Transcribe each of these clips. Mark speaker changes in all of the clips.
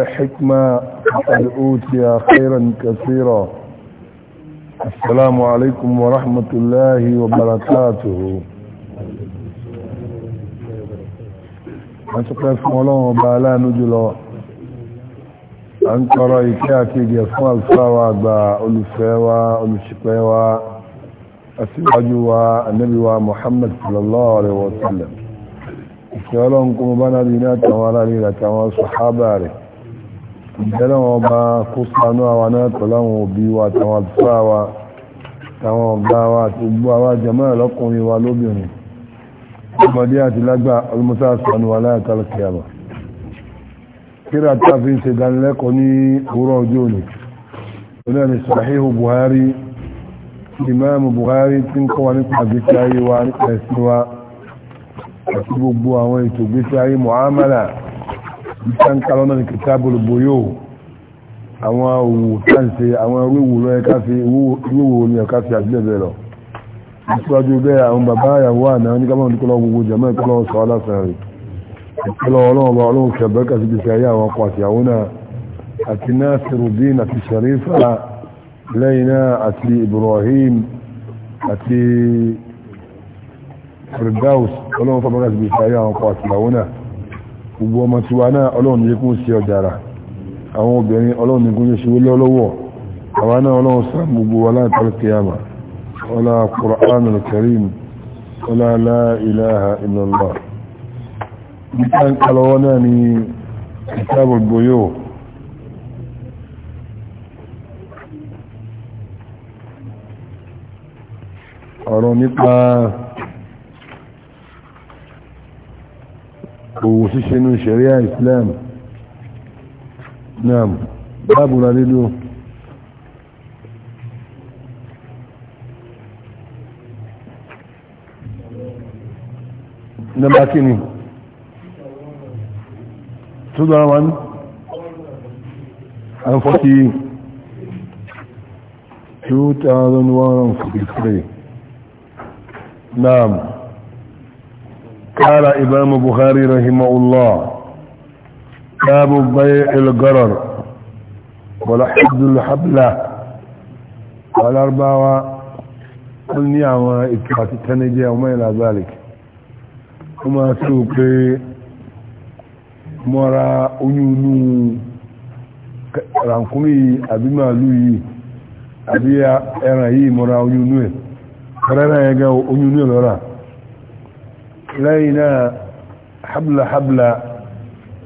Speaker 1: الحكمة قد أوتي خيرا كثيرا السلام عليكم ورحمة الله وبركاته أتقف مولون وبالا نجلو أنكر إكاكي جسم الفاوة ألفاوة ألشقاوة أسواجوا النبي محمد صلى الله عليه وسلم ìṣẹ́ ọlọ́run kó mọ́ bá náà rí náà tàwọn ará rí àtàwọn sọ̀hábà rẹ̀ ìjẹ́lẹ̀ wọn bá kó sanú àwa náà tọ́láwọn òbí wa tàwọn àtúfà wa tàwọn ọ̀gá wa àti gbogbo àwa jẹ́mọ́ ẹ̀lọ́kùnrin wa lóbìnrin ọmọdé àti lágbà ọlọ́mọsá sanú wa láyàtàlẹ̀ kẹyàmà kíra tá a àwọn ètò ayé mu'amala ìtàn kalọ́ náà ní kìtàbù lòbòyò àwọn òwò káǹsì àwọn wíwò lọ ẹ̀ká fi wíwò ní ẹ̀ká fi àti bẹ́ẹ̀ lọ ìtúwájú bẹ́ẹ̀ àwọn bàbá àyàwó àná ní kábàmù ní kọ́lọ́ gbogbo jẹ̀mọ́ ìkọ́lọ́ sọ aláṣẹ́rì ìkọ́lọ́ ọlọ́run bá ọlọ́run kẹ̀bẹ́kà sí ti ṣayé àwọn ọkọ̀ àti àwọn náà àti Nasiruddin àti Sharifa lẹ́yìn náà àti Ibrahim àti Firdaus ọlọ́run fọ́bọ́kà sí ti ṣayé àwọn ọkọ̀ àti àwọn náà gbogbo ọmọ tiwa náà ọlọ́run yẹ kún sí ọjàrà àwọn obìnrin ọlọ́run kún yẹ ṣe wọlé ọlọ́wọ́ àwọn náà ọlọ́run sá gbogbo wa láti alkiyama ọlá Qur'anul Karim ọlá la ilaha nípa ń kalọ́wọ́ náà ni kitabul buyu ọ̀rọ̀ nípa òwò ṣíṣe ní ṣẹ̀ríà Islam náà bábùra lílò nọ́mbà kíni 2001 and 40 2001 and 43 náà قال إمام بخاري رحمه الله باب بيع القرر ولحد الحبلة والأربعة قلني عما إكفات التنجي وما إلى ذلك وما سوقي مرا oyún رانكمي ràǹkúnmí ما لوي أبي àbí مرا yìí mọ́ra oyún inú ẹ̀ lẹ́yìn náà habla habla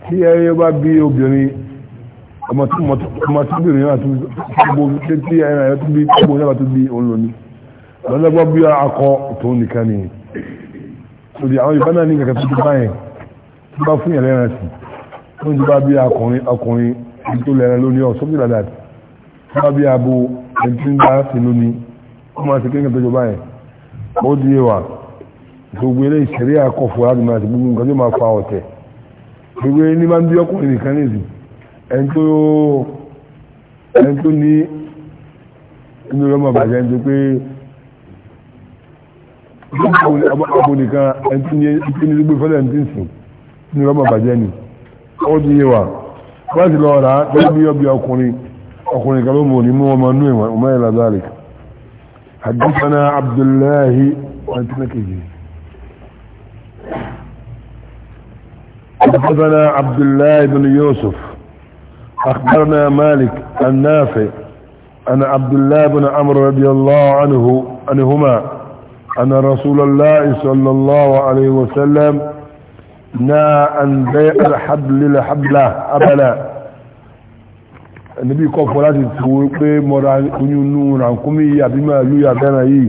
Speaker 1: tí ẹyẹ bá bí obìnrin ọmọ tó bìnrin náà tó gbogbo tí ẹyẹ náà tó bí gbogbo náà tó bí òun lónìí lọ́lọ́gbọ́ bí akọ tó nìkan ni òdì àwọn ìbá náà ní kẹ̀kẹ́ tó ti báyẹn tó bá fún yẹn lẹ́ran sí tó ń bá bí akọrin akọrin tó lẹ́ran lónìí ọ̀ sọ́bí ládàá tó bá bí abo ẹni tí ń bá sí lónìí ó máa kéńkẹ́ tó jọ báyẹn ó di ẹwà gbogbo eléyìí sẹ̀rí àkọ́fọ́ àdùnmọ́ àti gbogbo nǹkan tó máa fa ọ̀tẹ̀ gbogbo ní máa ń bí ọkùnrin nìkan nìyí ẹni tó ẹni tó ní inú rẹ̀ máa bàjẹ́ ẹni tó pé ọmọ nìkan ẹni tó ní ẹni tó gbé fẹ́lẹ̀ ẹni tó ń sìn inú rẹ̀ máa bàjẹ́ ni ó di yé wa wọ́n ti lọ rà á tó bí ọbẹ̀ ọkùnrin ọkùnrin kan ló mọ̀ ní mú ọmọ inú ìwọ̀n ọmọ ìlàdàlẹ̀ حدثنا عبد الله وانت مكيجي حدثنا عبد الله بن يوسف أخبرنا مالك النافع أن عبد الله بن عمرو رضي الله عنه أنهما، أن رسول الله صلى الله عليه وسلم نهى أن بيع الحبل لحبلة أبلا النبي كوف ولاتي تقول بي مرا كنيون عن كمية بما ما لو يا بنا يي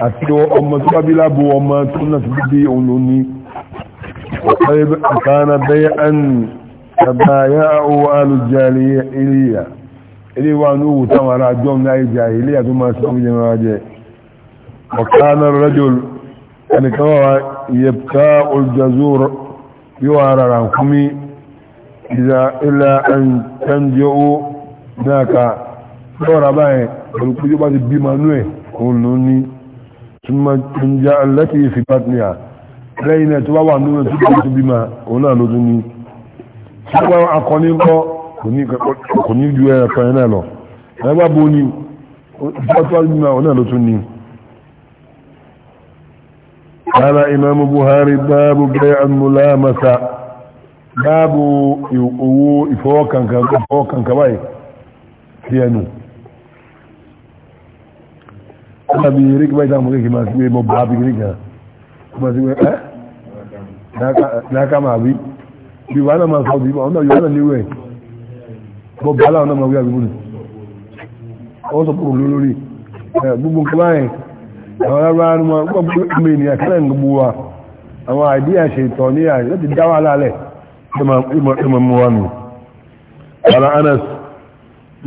Speaker 1: أتو أما تبابي لابو أما تقولنا تبدي وطيب كان بيعا تبايعوا أهل الجاهلية إلي وانو تمر أجوم ناي جاهلية ثم أسلم جماعة وكان الرجل يعني كما يبكى الجزور يوارى رانكمي إذا إلا أن تنجئوا ذاك دورا باي ولكن يبقى بما نوي ثم تنجأ التي في بطنها lẹ́yìn náà tó bá wà nínú tó bá tó bímọ òun náà ló tún ní tó bá akọni ńkọ́ kò ní ju ẹ̀kọ́ yẹn náà lọ ẹgbà bo ni tó bá bímọ òun náà ló tún ní. قال إمام بخاري باب بيع الملامسة باب ìfọwọ́kàn ìfọwọ́kàn báyìí sí ẹnu ọ̀nà bí rí kí báyìí dáhùn mú kéèké máa sí pé mo bá bí rí kan láàká máa rí bí wà náà máa sọ bí ọ̀nà yóò náà níwẹ̀ bọ́ bá láwọn náà máa rí àgbébùn ó sọ púpọ̀ lórí gbogbo kíláyìn àwọn arábára ní wọn gbogbo ẹgbẹ́ ènìyàn kílẹ̀ gbogbo wa àwọn àìdí àṣẹ ìtọ̀ ní àyè láti dá wà lálẹ̀ ìmọ̀ mú wa nù ala anas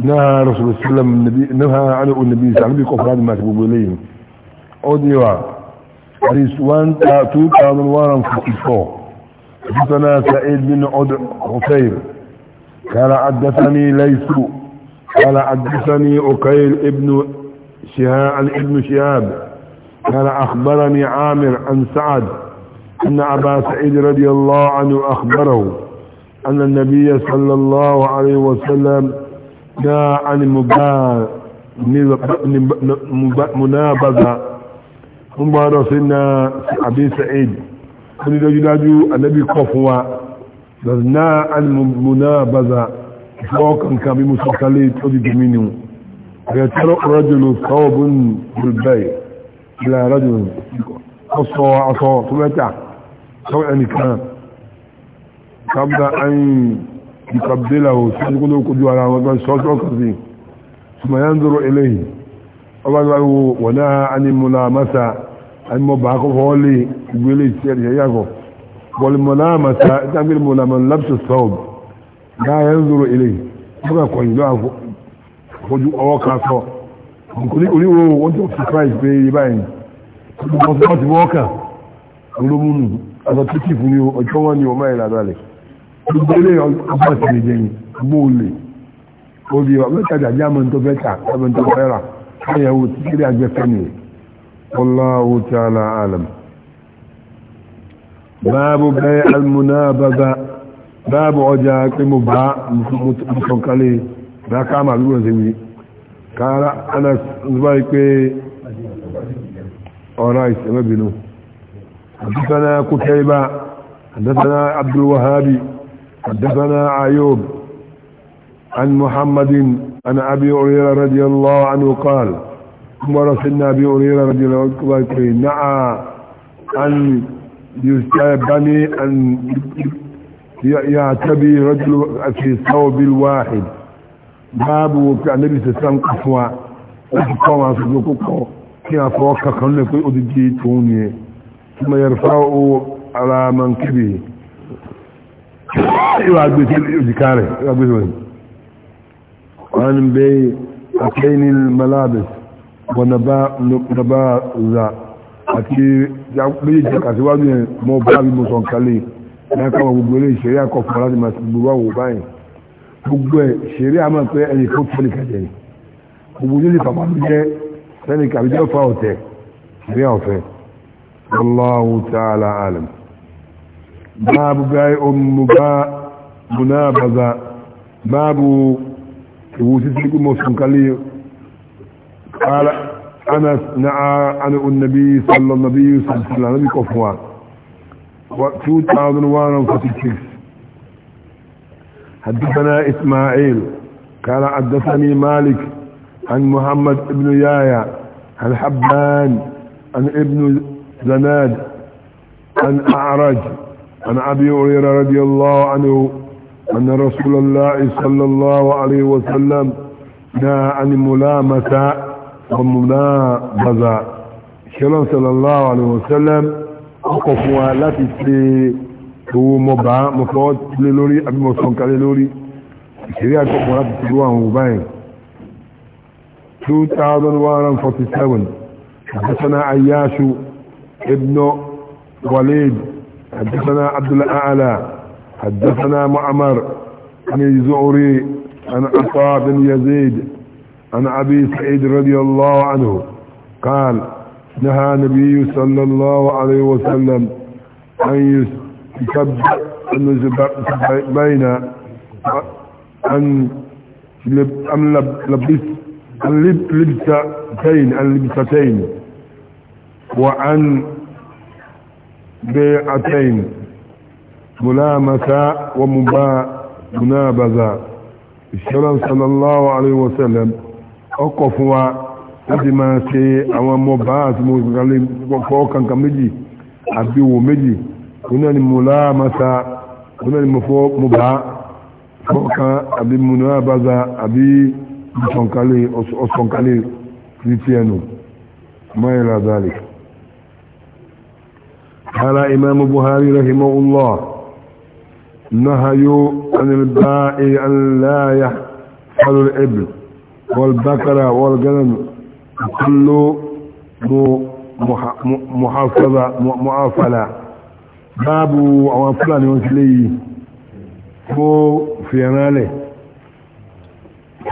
Speaker 1: náà rasulullah sallam náà ánà òun nàbí sàlùbí kọfà láti máa ti gbogbo eléyìí ó ní wa is one, حديث uh, 2154 حدثنا سعيد بن عطير قال حدثني ليس قال حدثني عقيل ابن شهاب ابن شهاب قال اخبرني عامر عن سعد ان ابا سعيد رضي الله عنه اخبره ان النبي صلى الله عليه وسلم جاء عن مبا... منابذه ń bọ́ ọ̀dọ̀ sí na àbí sa'id ó ní dájúdájú anábì kọ̀ fún wa lọ́nà alìmọ̀nà baza fọ́ọ̀kan kan bí musulkalé tó di gẹ̀mí ni rẹ̀ tẹ́rọ rọ́jùlù sọ́ọ̀bùn bilbai ilẹ̀ rọ́jùlù ọ̀sọ̀ ọ̀sọ̀ tó mẹ́ta sọ́ọ̀ ẹnìkan kábdá ayin ìkàbdélà ò sí kojú ara wọn gbọ́n sọ́ọ̀sọ̀ kan sí ثم ينظر إليه ọwọ́wọ́ wọ̀ná animula masa animọba akọ́fọ́ lè gbélé ìṣẹ́lẹ̀ yàgọ̀ bọ̀lìmọ̀lá masa ìtàgbélìmọ̀lá mọ̀ lápsù sọ́ọ̀bù láyé ń zoro ilé fúnka kọ̀yìn lọ́wọ́ fojú ọwọ́ kan sọ nítorí oríwó wọ́n tó fi christ pé yé báyìí wọ́n tó ti wọ́ kàn olómùnù aṣọ ni ọmọ ìlànà rẹ̀ gbogbo ilé ọgbà ti lè jẹyìn àyẹ̀wò tí kiri àgbẹ̀fẹ́ ni wallahu ta'ala alam báàbù bẹ́ almunabada báàbù ọjà pé mo bá mùsùnkálẹ̀ dákàmà lúrọ̀ sí wí kára anas zubai pé ọ̀rá ìsẹ̀mẹ́bìnú حدثنا كتيبة حدثنا عبد الوهاب حدثنا عيوب عن محمد عن أبي هريرة رضي الله عنه قال أمر النبي أبي رضي الله عنه نعى أن يستيبني أن يعتبي رجل في صوب الواحد باب النبي صلى الله عليه وسلم قفوا قفوا قفوا كي أفوكا كنلك أدجي توني ثم يرفعه على منكبه يوعد بيت الإذكاري يوعد الإذكاري وعن بي أكين الملابس ونباذة àti méjèèjì àtiwájú yẹn mọ bá bí mo sàn kálẹ̀ láìka wọn gbogbo eléyìí ṣeré àkọkọ láti máa ti gbogbo àwò báyìí gbogbo ẹ ṣeré àmọ́ pé ẹnì kan tó nìkan jẹ gbogbo yóò lè fàmà ló jẹ sẹni kàbí jẹ fa ọ̀tẹ̀ ṣeré ọ̀fẹ́ Allahu ta'ala alam báàbù báyìí ọmọ bá múnábàzà báàbù وسيسيك موسم قال قال أنا نعى أنا النبي صلى الله عليه وسلم نبي كفوان و 2046 حدثنا إسماعيل قال حدثني مالك عن محمد بن يايا عن حبان عن ابن زناد عن أعرج عن أبي هريرة رضي الله عنه أن رسول الله صلى الله عليه وسلم نهى عن ملامة ومنابذة شلون صلى الله عليه وسلم أقفوا لا تسلي هو مبع مفوت للوري أبي مصنك للوري الشريعة تقفوا لا تسلوها مبين 2147 حدثنا عياش ابن وليد حدثنا عبد الأعلى حدثنا معمر عن الزعري عن عطاء بن يزيد عن أبي سعيد رضي الله عنه قال نهى النبي صلى الله عليه وسلم أن يسب بين أن لبس اللبستين لبستين لبستين بيعتين ملامسة ومنابذة الشرم صلى الله عليه وسلم أقفوا láti máa ṣe àwọn ọmọ bá àti mo gbàlẹ̀ fọ́ọ̀kankan méjì àbí wò méjì òun náà ni mo láàmásá òun náà ni mo fọ́ mo bá fọ́ọ̀kan àbí mo náà báza àbí ìṣọ̀nkalẹ̀ ọ̀ṣọ̀nkalẹ̀ kìrìtìẹ̀nù mọ́yìnlá zalik. قال إمام بخاري رحمه الله نهيوا عن البائع أن لا يحفل الإبل والبكرة والغنم كل محافظة معافلة باب وفلان وكلي فو في أناله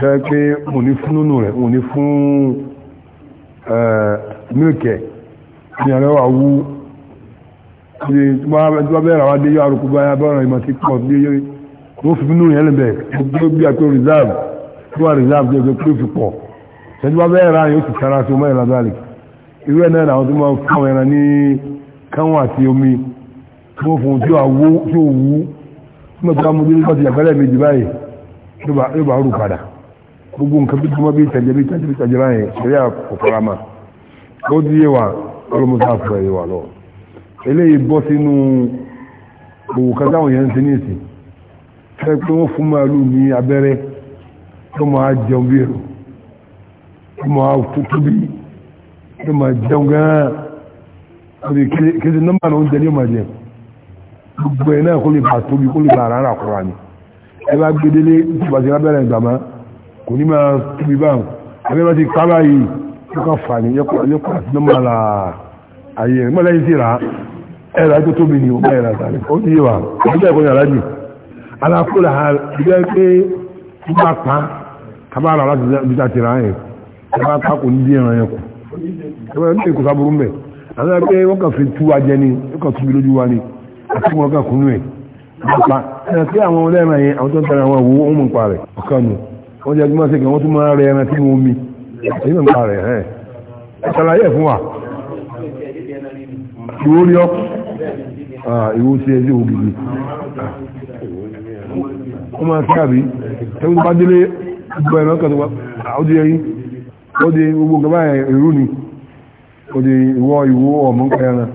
Speaker 1: kẹ́kẹ́ òní fún nínú rẹ̀ òní fún ní tubabẹ́rẹ̀ àwọn adé yóò arúgbó báyà bọ́ọ̀rọ̀ ìmọ̀ sí pọ̀ bí yóò wọ́n fi nínú yẹn lẹ́bẹ̀ẹ́ tó bí àpé reserve tó wà reserve tó yẹ kó fi pọ̀ ṣẹ́ni tubabẹ́rẹ̀ àwọn yóò sì sára sí ọmọ ìlà báàlì irú ẹ̀ náà làwọn tó máa fáwọn ẹran ní káwọn àti omi tó wọ́n fún tí ó wú tí ó wú tí wọ́n bá mú dé nípa ti àgbẹ̀lẹ̀ méjì báyìí yóò bá rù padà gbogbo nǹkan bí tó máa bí tẹ̀lé bí tẹ̀lé bí tẹ̀lé báyìí ṣẹlẹ̀ àpòpọ̀ eléyìí bọ́ sínú òwò kan táwọn èèyàn ti ní ìsìn fẹ́ pé wọ́n fún màálù ní abẹ́rẹ́ tó máa jẹun bí èrò tó máa tútù bí tó máa jẹun gan-an àbí kéde nọ́mbà náà oúnjẹ ní ọmọ jẹ gbogbo ẹ̀ náà kó lè bà tóbi kó lè bà rárá kúrò ní ẹ bá gbedele tó bá ti lábẹ́rẹ́ ìgbàmá kò ní máa tóbi báwọn àbẹ́ bá ti kábàáyì tó kà fà ní yọkọ̀ àti nọ́mbà là ayé ẹ̀ mọ́lẹ́yìn sí ràá ẹ̀rọ ajé tóbi ni ọmọ ẹ̀rọ àtàrí ó ti yíwa ọjọ́ ẹ̀kọ́ yàrá jù alákòlà ẹgbẹ́ pé ó bá pa kábàárà láti bíta ti ra ẹ̀ ẹ bá pa kò ní bí ẹran yẹn kù ẹgbẹ́ ní èkó sábúrú mẹ́ àwọn ẹgbẹ́ wọ́n kàn fi tú wa ni wọ́n kàn túbi lójú wa ni àti wọn kàn kúnú ẹ̀ pa ẹ̀rọ tí àwọn ọlẹ́ran yẹn àwọn tó ń tẹ̀lé àwọn òwò ó mú pa rẹ̀ ọ̀kan nu wọ́n jẹ́ gbọ́n sí kan wọ́n tún máa rẹ ẹran tí wọ́n mi èyí mú pa rẹ̀ ẹ̀ ṣàlàyé fún wa Ah, ìwò tí ẹjẹ́ ògìgì ó máa kí àbí ẹgbẹ́ tó bá délé gbogbo ẹ̀rọ kan tó wá ó di ẹyin ó di gbogbo nǹkan báyẹn èrú ni ó di ìwọ ìwò ọmọ nǹkan yẹn náà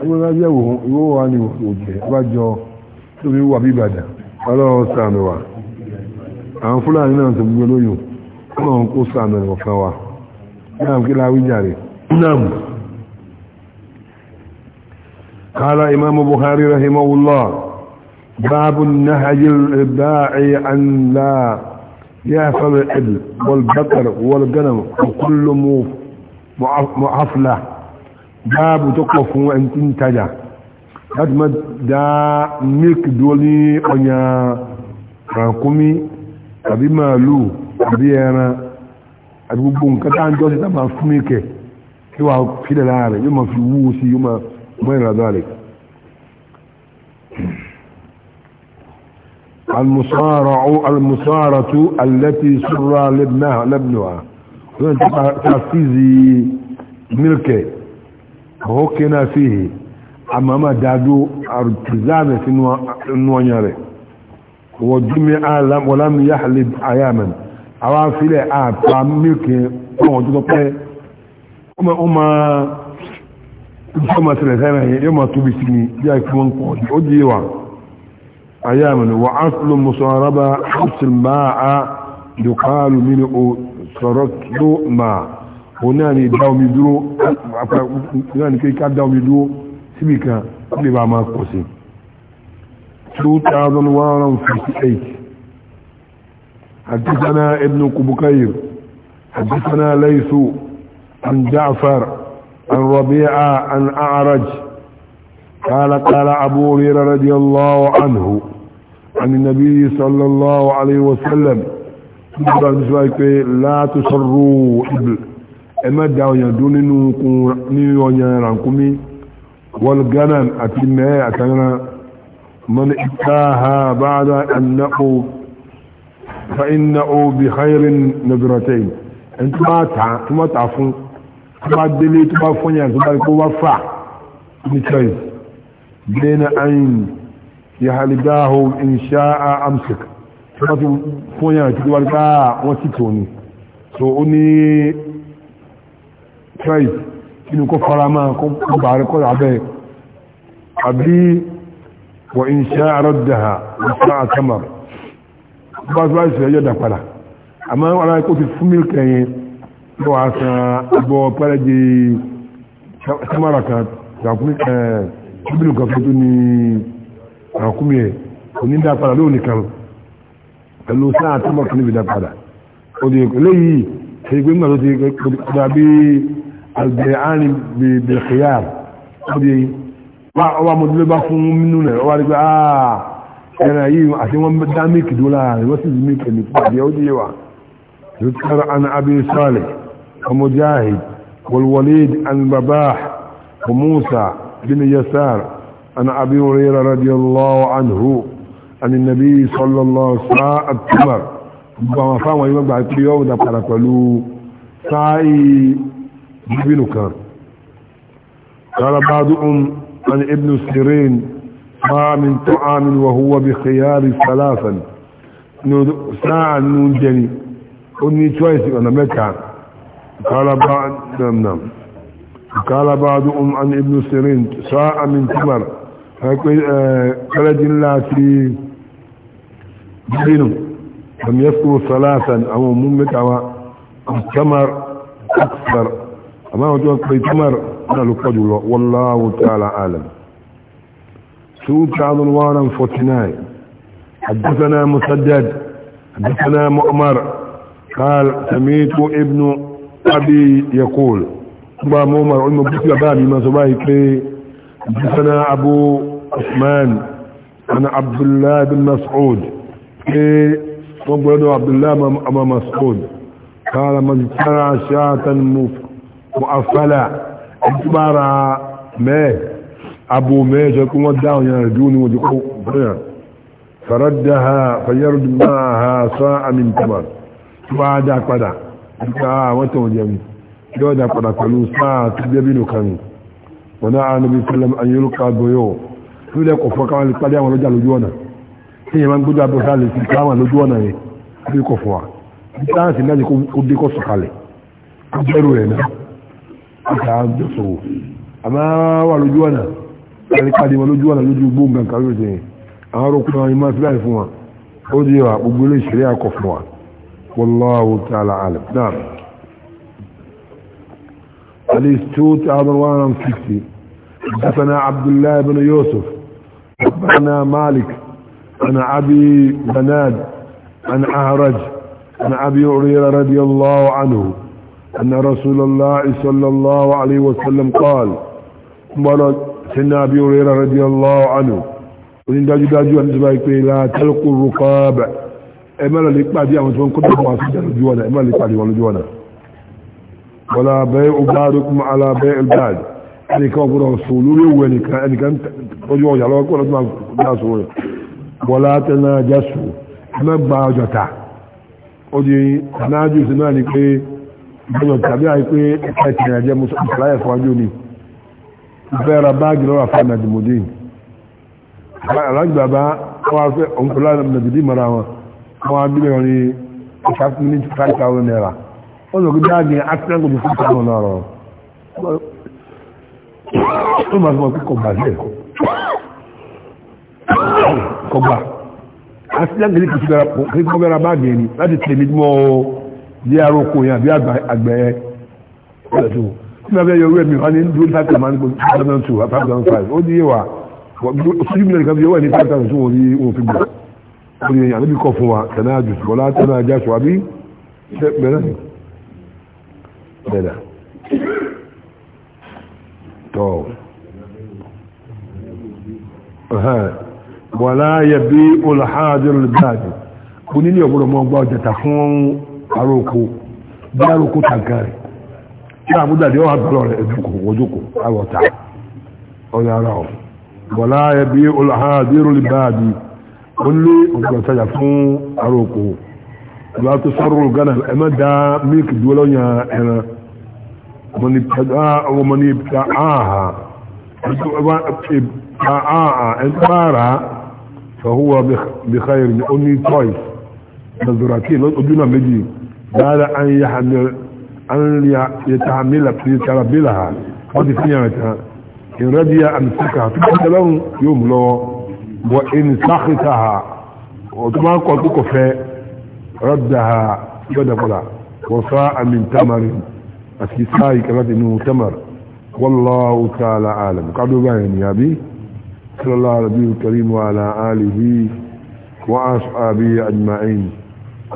Speaker 1: ẹgbẹ́ bá jẹ́ wò ìwọ wa ni òjẹ́ bá jọ tó fi wà bí Ìbàdàn ọlọ́run sàmì wa àwọn Fúlàní náà tó gbogbo lóyún ọlọ́run kó sàmì ọ̀kan wa náà kí láwí jàre. نعم قال إمام البخاري رحمه الله باب النهج الداعي أن لا يحصل العدل والبقر والغنم وكل معفلة باب تقف وأن تنتج هذا دا ملك دولي أنيا رانكمي أبي مالو أبي أنا أبي بونكتا أنتوسي تبع فميكي kí wàá fílẹ̀ láàrẹ̀ yóò máa fi wúwo sí yóò máa mọ́ المصارعة التي سر لابنها لابنها تفيزي ملكة هو كنا فيه امام دادو ارتزام في نوانياري وجمع ولم يحلب اياما اوافل اعطى ملكة وجدوا ó máa ìjọ máa tẹ̀lẹ̀ sẹ́rẹ̀ yẹn yóò máa tóbi sí ni bí i kí wọ́n pọ̀ jù ó di wa ayé àmì wà á fún musa raba hapsin máa a dùkálù mi ni o sọ̀rọ̀ tó máa òun náà ni dá omi dúró náà ni pé ká dá omi dúró síbi kan ó lè bá máa pọ̀ sí 2158 حدثنا ابن كبكير حدثنا ليسو عن جعفر عن ربيعة عن أعرج قال قال أبو هريرة رضي الله عنه عن النبي صلى الله عليه وسلم لا تسروا إبل إما دعوا يدون نيون يرانكم والغنم أتماء أتماء من إتاها بعد أنه فإنه بخير نظرتين انتما ما تعفون tó bá délé tó bá fọ́nyà tó bá rí kó wá fà ní choice bẹ́ẹ̀nà ayin ya halidáhù inṣá amsik tó bá ti fọ́nyà tó wá rí ká wọ́n sì tó ní so ó ní choice inú kó fara máa kó bàárí kó abẹ́ àbí wọ inṣá arọ́dàá wọ́n sá àtàmà bá tó bá ìṣẹ̀lẹ̀ yọ̀dà padà àmọ́ ara kó ti fún mílkẹ̀ yẹn bọ́ a san abọ́ samara kan ràkúnmí ẹ̀ bíbélù kan fún tó ní ràkúnmí ẹ̀ onídàá padà lóòní kan pẹ̀lú sáà tó mọ̀ kan níbi dá padà òdì eléyìí ẹ̀yìn pé nígbà tó ti kọjá bí àgbẹ̀ àárín bèèrè kìyà òdì ọba mo dúró bá fún mímú rẹ̀ ọba rí pé aaa ẹ̀rọ yìí àti wọ́n dá mílìkì dúró láàrin wọ́n sì rí mílìkì ní pàdé ó dí yẹ wa. Zukar an Abi Salih ومجاهد والوليد عن وموسى بن يسار عن أبي هريرة رضي الله عنه عن النبي صلى الله عليه وسلم وما فهم ويبقى يوم ده قالوا ساي جبينه قال بعضهم عن ابن سيرين ما من طعام وهو بخيار ثلاثا ساعة نون جني أني تويس أنا مكان قال بعد نعم نعم قال بعضهم عن ابن سيرين ساعة من تمر آه، قال الله في دينه لم يذكروا ثلاثا او ممت او التمر اكثر اما هو في تمر قالوا والله تعالى اعلم سوء تعالى وانا فتناي حدثنا مسدد حدثنا مؤمر قال سميت ابن أبي يقول أبا مومر علم بسي أبامي ما سباهي كي حدثنا أبو عثمان عن عبد الله بن مسعود كي وقال عبد الله أما مسعود قال من ترى شاة مؤفلة اعتبار ما أبو ماجة كما دعوا يردون ودقوا فردها فيرد معها ساعة من تمر بعد قدر nípa ah, àwọn tó jẹ́ mi yóò dá padà pẹ̀lú sáà tó jẹ́ bínú kan ní wọn ah, náà níbi sẹlẹm ayélu ká gbóyò tó lẹ kò fọ káwọn lè pàdé àwọn ọlọ́jà lójú ọ̀nà tí yẹn máa ń gbójú abẹ́ sáà lè fi káwọn lójú ọ̀nà yẹn bí kò wa bí sáà sì náà والله تعالى عالم نعم حديث 2160 حدثنا عبد الله بن يوسف حدثنا مالك عن ابي بناد عن اهرج عن ابي هريره رضي الله عنه ان رسول الله صلى الله عليه وسلم قال مرض سيدنا ابي هريره رضي الله عنه وان داجو داجو ان لا تلقوا الرقاب ẹ má lọ lè pàdé àwọn tí wọ́n kọ́tọ̀ fún àti ìjàlójú ọ̀nà ẹ má lè pàdé wọn lójú ọ̀nà wọ́la bẹ́ẹ̀ ọgbàrú kuma ala bẹ́ẹ̀ ẹlbàd ẹnìkan ọgbọ́dọ̀ sọ lórí ewu ẹnìkan ẹnìkan tọ́jú ọjà lọ́wọ́ kọ́ lọ́tún máa sọ rẹ̀ wọ́la tẹ́lá jásù ẹ má gba ọjà ta ó di náájú sí náà ni pé ìgbọ́dọ̀ fẹ́ òǹkọ́lá nàdìmọ̀dé mara wọn àwọn abílẹ̀ wọn ni ìṣàkùn ní five thousand naira ó lọ gbé dáàbì accident of the food town ó máa sọ pé kọgbà lẹ kọgbà accident kìí kìí kìí kọ́ bẹ́ra báàgì ẹni láti tèmi mọ́ ọ bí aróko yẹn àbí àgbẹ̀ ẹ ọ̀dọ̀ tó tí wọ́n fẹ́ yọ wíwẹ̀ mi wọ́n ní dúró ní five thousand two five thousand five ó ní yé wa ojú mi nìkan fi yọ orí ẹ̀yà níbi kọ fún wa tẹ̀lé àjùsù wọlá tẹ̀lé àjásù àbí bẹ̀rẹ̀ ni bẹ̀rẹ̀ tọ́ wọlá yẹ bí olùhájọ́ olùbáàjì kú nílé ọ̀gbọ́dọ̀ mọ́ gbá ọjọ́ta fún aróko bí aróko tàgárì tí àmúdàdé ọ̀hà bẹ̀rẹ̀ rẹ̀ ẹ̀dùkù wọ́jọ́kù àwọ̀ta ọ̀yàrá ọ̀ wọlá yẹ bí olùhájọ́ olùbáàjì wọ́n lé ọ̀gbọ̀ntajà fún aróko ìgbà tó sọ́rọ̀ gánà ẹ má da mílíkì dúró lọ́yàn ẹran ah, ọmọ ní pẹ̀lá ọmọ ní pẹ̀lá àhà ẹgbàrá fàhúwà bíkáyìr ní ó ní tọ́ì nàzọ̀ràkì ojú náà méjì dáadáa an yà tàmílà tí tàbílà wọ́n ti fi yàrá tán ìrẹ́díyà àmì síkà tó kọ́ وإن سخطها وطبعا قلت كفاء ردها بدا بلا وصاء من تمر أسيساي كبات إنه تمر والله تعالى عالم قعدوا باين يا بي صلى الله على نبيه الكريم وعلى آله وأصحابه أجمعين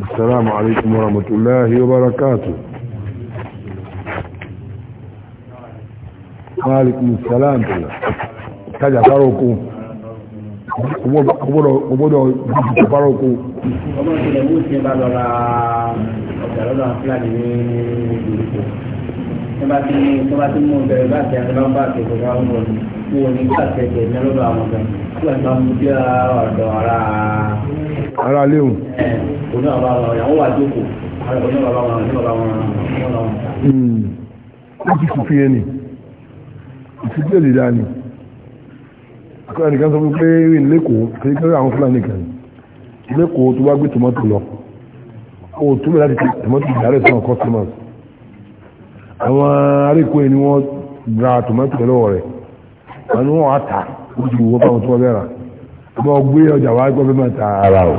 Speaker 1: السلام عليكم ورحمة الله وبركاته وعليكم السلام كذا تركوا ọgbọ́dọ̀ ìpàrọ̀ oko.
Speaker 2: ọmọ ìṣẹ̀lẹ̀ mú ti bá lọ ra ọjà lọ́dọ̀ fúlàní ní ìgbèríko nígbà tí nígbà tí mo bẹ̀rẹ̀ bá tẹ̀
Speaker 1: ẹ̀rọ bá tẹ̀ ẹ̀rọ bá ń bọ̀ ní wọn ní bá tẹ̀ ẹ̀rọ lọ́dọ̀ àwọn ọ̀gá nígbà tí wọ́n mú bí ọ̀dọ̀ ara. ara léwu. ẹ kò ní bàbá wọn wà jókòó kò ní bàbá wọn ní
Speaker 2: bàbá wọn wọn lọ. Hmm.
Speaker 1: ó ti fi fi yẹn ni ìfúgbẹ́lì dání ẹnìkan sọ pé rìn lẹ́kọ̀ọ́ kìí kẹ́rẹ́ àwọn fúlàní kan lẹ́kọ̀ọ́ tó bá gbé tomato lọ ó túnbẹ̀ láti tomato ìdárẹ̀ sọ́nà customers àwọn arékò ẹni wọ́n ra tomato lọ́wọ́ rẹ̀ wọn wọ́n á tà ó ti wọ́ fáwọn tó wọ́n bẹ́ẹ̀ rà bọ́ gbé ọjà wá gbọ́ fẹ́ máa ta ara o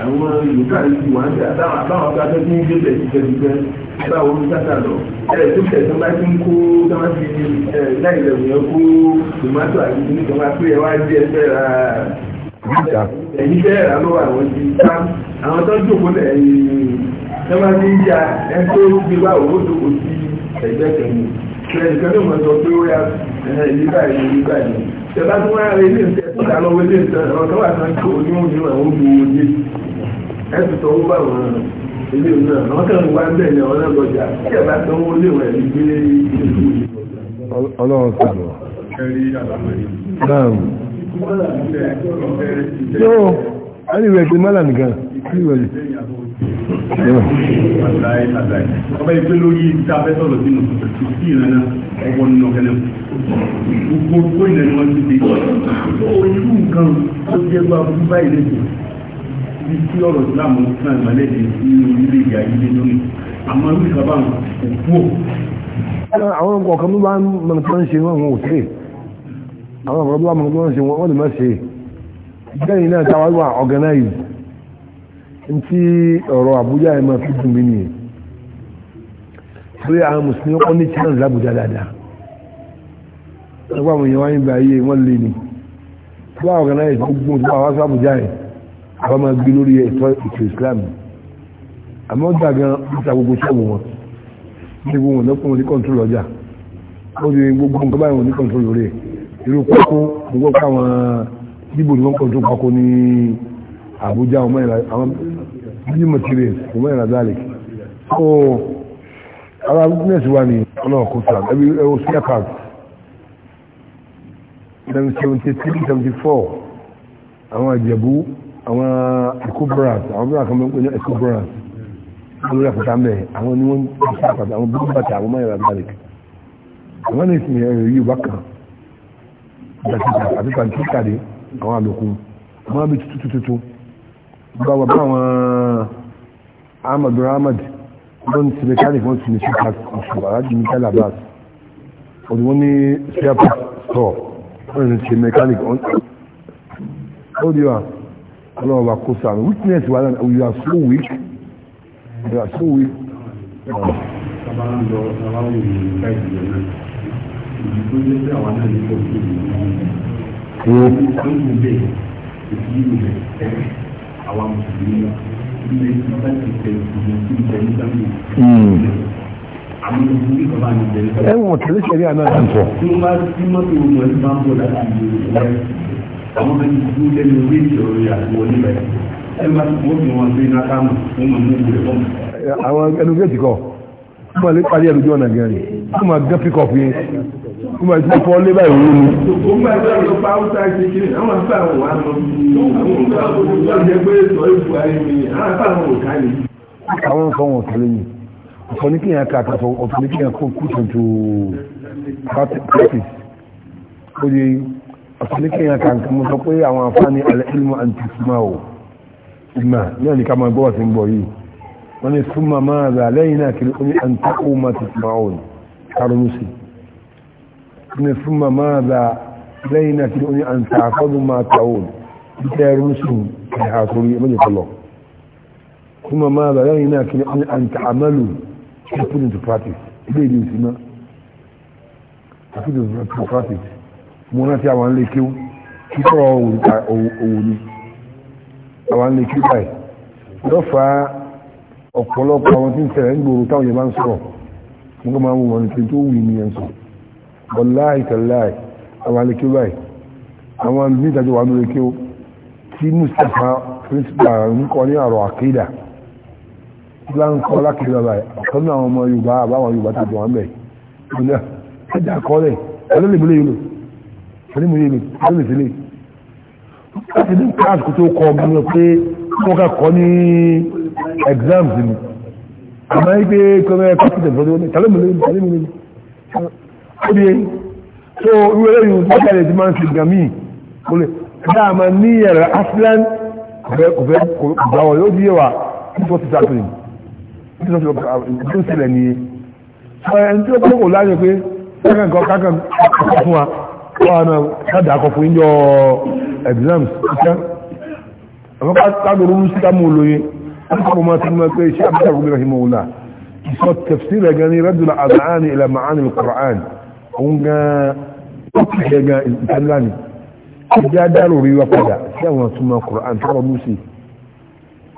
Speaker 1: àwọn yorùbá yìí ti wà ń bẹ àtàwọn ọ̀gá tó ń gbé bẹ̀ jìjẹjìjẹ nípa àwọn lọ ẹ̀ tó tẹ̀ bá ti ń kó tó ti ẹ̀ láì lẹ̀wù yẹn kó tòmátò àti ní kan pé ẹ wá dé ẹgbẹ́ ra ẹ̀yìn bẹ́ẹ̀ rà lọ́wọ́ àwọn ti ká àwọn tó jòkó lẹ́yìn tó bá ti ń ja ẹ tó gbé wá owó tó kò sí ẹgbẹ́ kẹ́mi ẹnìkan ló mọ̀ sọ pé ó yà ẹ̀yìn báyìí ẹ̀yìn báyìí tẹ bá tún wá ilé ìtẹ́ tó dá lọ́wọ́ ilé ìtẹ́ ọ̀kan wà sàn kó oníwòye àwọn òbí wòye ẹ̀sùn tó ń bá wọn ilé náà àwọn kan wá ń bẹ̀rẹ̀ ọ̀rẹ́ lọ́jà kí ẹ̀bá tó ń wọlé wọn ẹ̀mí gbé ìlú ọlọ́run sọ̀rọ̀ yóò ẹnìwẹ̀ ti mọ́là nìkan ẹnìwẹ̀ ti
Speaker 2: ọba ìpé lórí ìta abẹ́sọ̀rọ̀ sínú sí ìrànà ọgbọ̀n nínú ọ̀kẹ́lẹ̀ gbogbo ìrànà wọn ti dé ó irú nǹkan tó jẹ́ gbà fún báyìí lẹ́sìn
Speaker 1: ibi tí ọ̀rọ̀ islam ń sàn ìmọ̀lẹ́dì nínú orílẹ̀-èdè ayé lórí àmọ́ ní ìkàbá òkú ò. àwọn ọkọ̀ kan ló bá ń mọ̀nà tó ń ṣe wọn ò tẹ̀ àwọn ọkọ̀ ló bá mọ̀nà tó ń ṣe wọn lè má ṣe bẹ́ẹ̀ náà táwa wà organize ntí ọ̀rọ̀ àbújá ẹ̀ máa fi dùn mí nìyẹn pé àwọn mùsùlùmí wọn ní chance lábùjá dáadáa ẹgbẹ́ àwọn èèyàn wáyé báyé wọn lé ni tí wọ́n organize gbogbo tí wọ́n wá sábùjá yẹn àwọn máa gbé lórí ẹ̀tọ́ ètò islam àmọ́ dàgán níta gbogbo ṣọ́ọ̀bù wọn ní gbogbo wọn lọ́kùnrin ní kọ́ńtù lọ́jà ó ti gbogbo nǹkan báyìí wọn ní kọ́ńtù lórí ẹ̀ irú pákó gbogbo káwọn níbo ni wọ́n kọ́ńtù pákó ní Àbújá ọmọ ìlà àwọn bí materials ọmọ ìlà dálẹ̀ ó ara nẹ́ẹ̀sì wa ní ọlọ́ọ̀kú sàn ẹbí ẹwọ spare parts seventy three seventy four àwọn àjẹ̀bú àwọn ecobrans àwọn bí wọ́n kàn mọ́ pé ní ecobrans wọ́n lórí àkọ́tà mẹ́ àwọn ni wọ́n ń ṣe àpàtà àwọn bíi bàtà àwọn máyà garlic àwọn ní ìsìn ẹ̀rọ yìí bá kàn gbàtìgbà àti pàǹtí kàdé àwọn àlòkù àwọn àbí tuntun tuntun bá wà bá àwọn ahmad rahmad wọ́n ti lè kárí fún ìsinmi sí park ọ̀ṣọ́ aláàjì ní kálí abas òdì wọ́n ní spare parts store wọ́n ti ṣe mechanic ọ̀ṣọ́ ó di wa ọlọ́wọ́ bá kó sàmì witness wà lánàá you are so weak you are so weak.
Speaker 2: sábà ń lọ sábà wò náà ìdí tó àwọn bẹ tuntun lẹ́nu orí ìṣòro àti wọlé
Speaker 1: bẹ́ẹ̀ ẹ má wọ́n fi wọn gbé náà kánú wọ́n mọ̀ ní ìwé fún mi. àwọn ẹnu gẹ́ẹ̀tì kọ wọ́n máa lé parí ẹnu jọ́ nàgẹ́ rẹ̀ wọ́n máa gẹ́ pick up yẹn wọ́n máa tún fọ́ lé báyìí wọ́n mu. ó gbà tó lọ pa áwùsá kékeré àwọn afẹ́ àwọn wà lọ àwọn òkú àwọn òkú ọ̀jẹ̀ pé sọ ìfù ayé mi àwọn afẹ́ àwọn òkú ayé mi. àwọn nǹkan wọn kò lẹ́yìn ọ̀fọ̀ ní kíyàn ká àtàtọ̀ ọ̀fọ̀ ní kíyàn kó kú tuntun practice ó di ọ̀sánlẹ́kẹ́ yẹn kàǹkà mú sọ pé àwọn afáàní alẹ́ìlmù àti súnmáwò ìmà náà ní ká máa gbọ́ ọ̀sìn gbọ́ yìí wọ́n ní súnmà máa rà lẹ́yìn náà kiri ó ní àǹtakò máa ti súnmáwò ní karùn sí wọ́n ní súnmà máa rà lẹ́yìn náà kiri ó ní àǹtakọ́dù máa tàwò ní tẹ́rù sí ẹ̀hà sórí ẹ̀mẹ́jọ kọlọ̀ súnmà máa rà lẹ́yìn náà kiri ó ní àǹtàmẹ́lù to put into practice ilé ìdí òsì náà to put into practice mo rántí àwọn ilé kíw kíkọ́ òwò ni àwọn ilé kíw báyìí lọ́fà ọ̀pọ̀lọpọ̀ àwọn tí ń tẹ̀lé ń gbòòrò táwọn yẹn bá ń sọ̀rọ̀ mo kọ́ máa ń wọ̀n nípa tó wù ní ẹ̀sùn bọ̀láì tẹ̀láì àwọn ilé kíw báyìí àwọn nídàjọ́ wà lórí kíw tí Mustapha principal ń kọ́ ní àrò àkídà tí wọ́n ń kọ́ lákìlú báyìí ọ̀kan náà àwọn ọmọ Yorùbá àbáwọn Yorùbá tàbí wọn bẹ̀ ẹ̀dà kọ́lẹ̀ ẹ̀lẹ́lẹ́gbẹ̀lẹ́ yìí lò sẹ́lẹ̀mù yé mi sẹ́lẹ̀mù sílẹ̀ láti ní class kó tó kọ ọmọ mi pé wọ́n ká kọ́ ní exams mi àmọ́ yí pé kọ́mẹ́ kọ́sìtẹ̀ lọ́dún wọn sẹ́lẹ̀mù lé mi sẹ́lẹ̀mù lé mi ó di so irú eléyìí wọ́n jáde ti máa ń fi gàmí kó lè dáa máa ní ẹ̀rọ aslan kò fẹ́ kò gbà wọ́n di yé wa nípa ti sáà tó yìí nípa ti sáà tó yìí nípa ti ẹni tí ó kọ́ kò láyé pé kákan kọ́ kákan kọ́ fún wa wọ́n kádà akọ fún yíyọ exams kíkẹ́ àwọn kádà ronú sí ká mú olóye wọ́n kọ́ mọ́ sínú pé iṣẹ́ abúlé rúbí rahimu wùlá ìsọ tafsir rẹ̀ gan ni rẹ́dùlá àdáhánì ilẹ̀ ma'ánì al-Qur'an òun gan ọkùnrin gan ìtẹ́lá ni ìjẹ́ adáró rí wa padà sí àwọn àtúmọ̀ Qur'an tó rọ̀ mùsì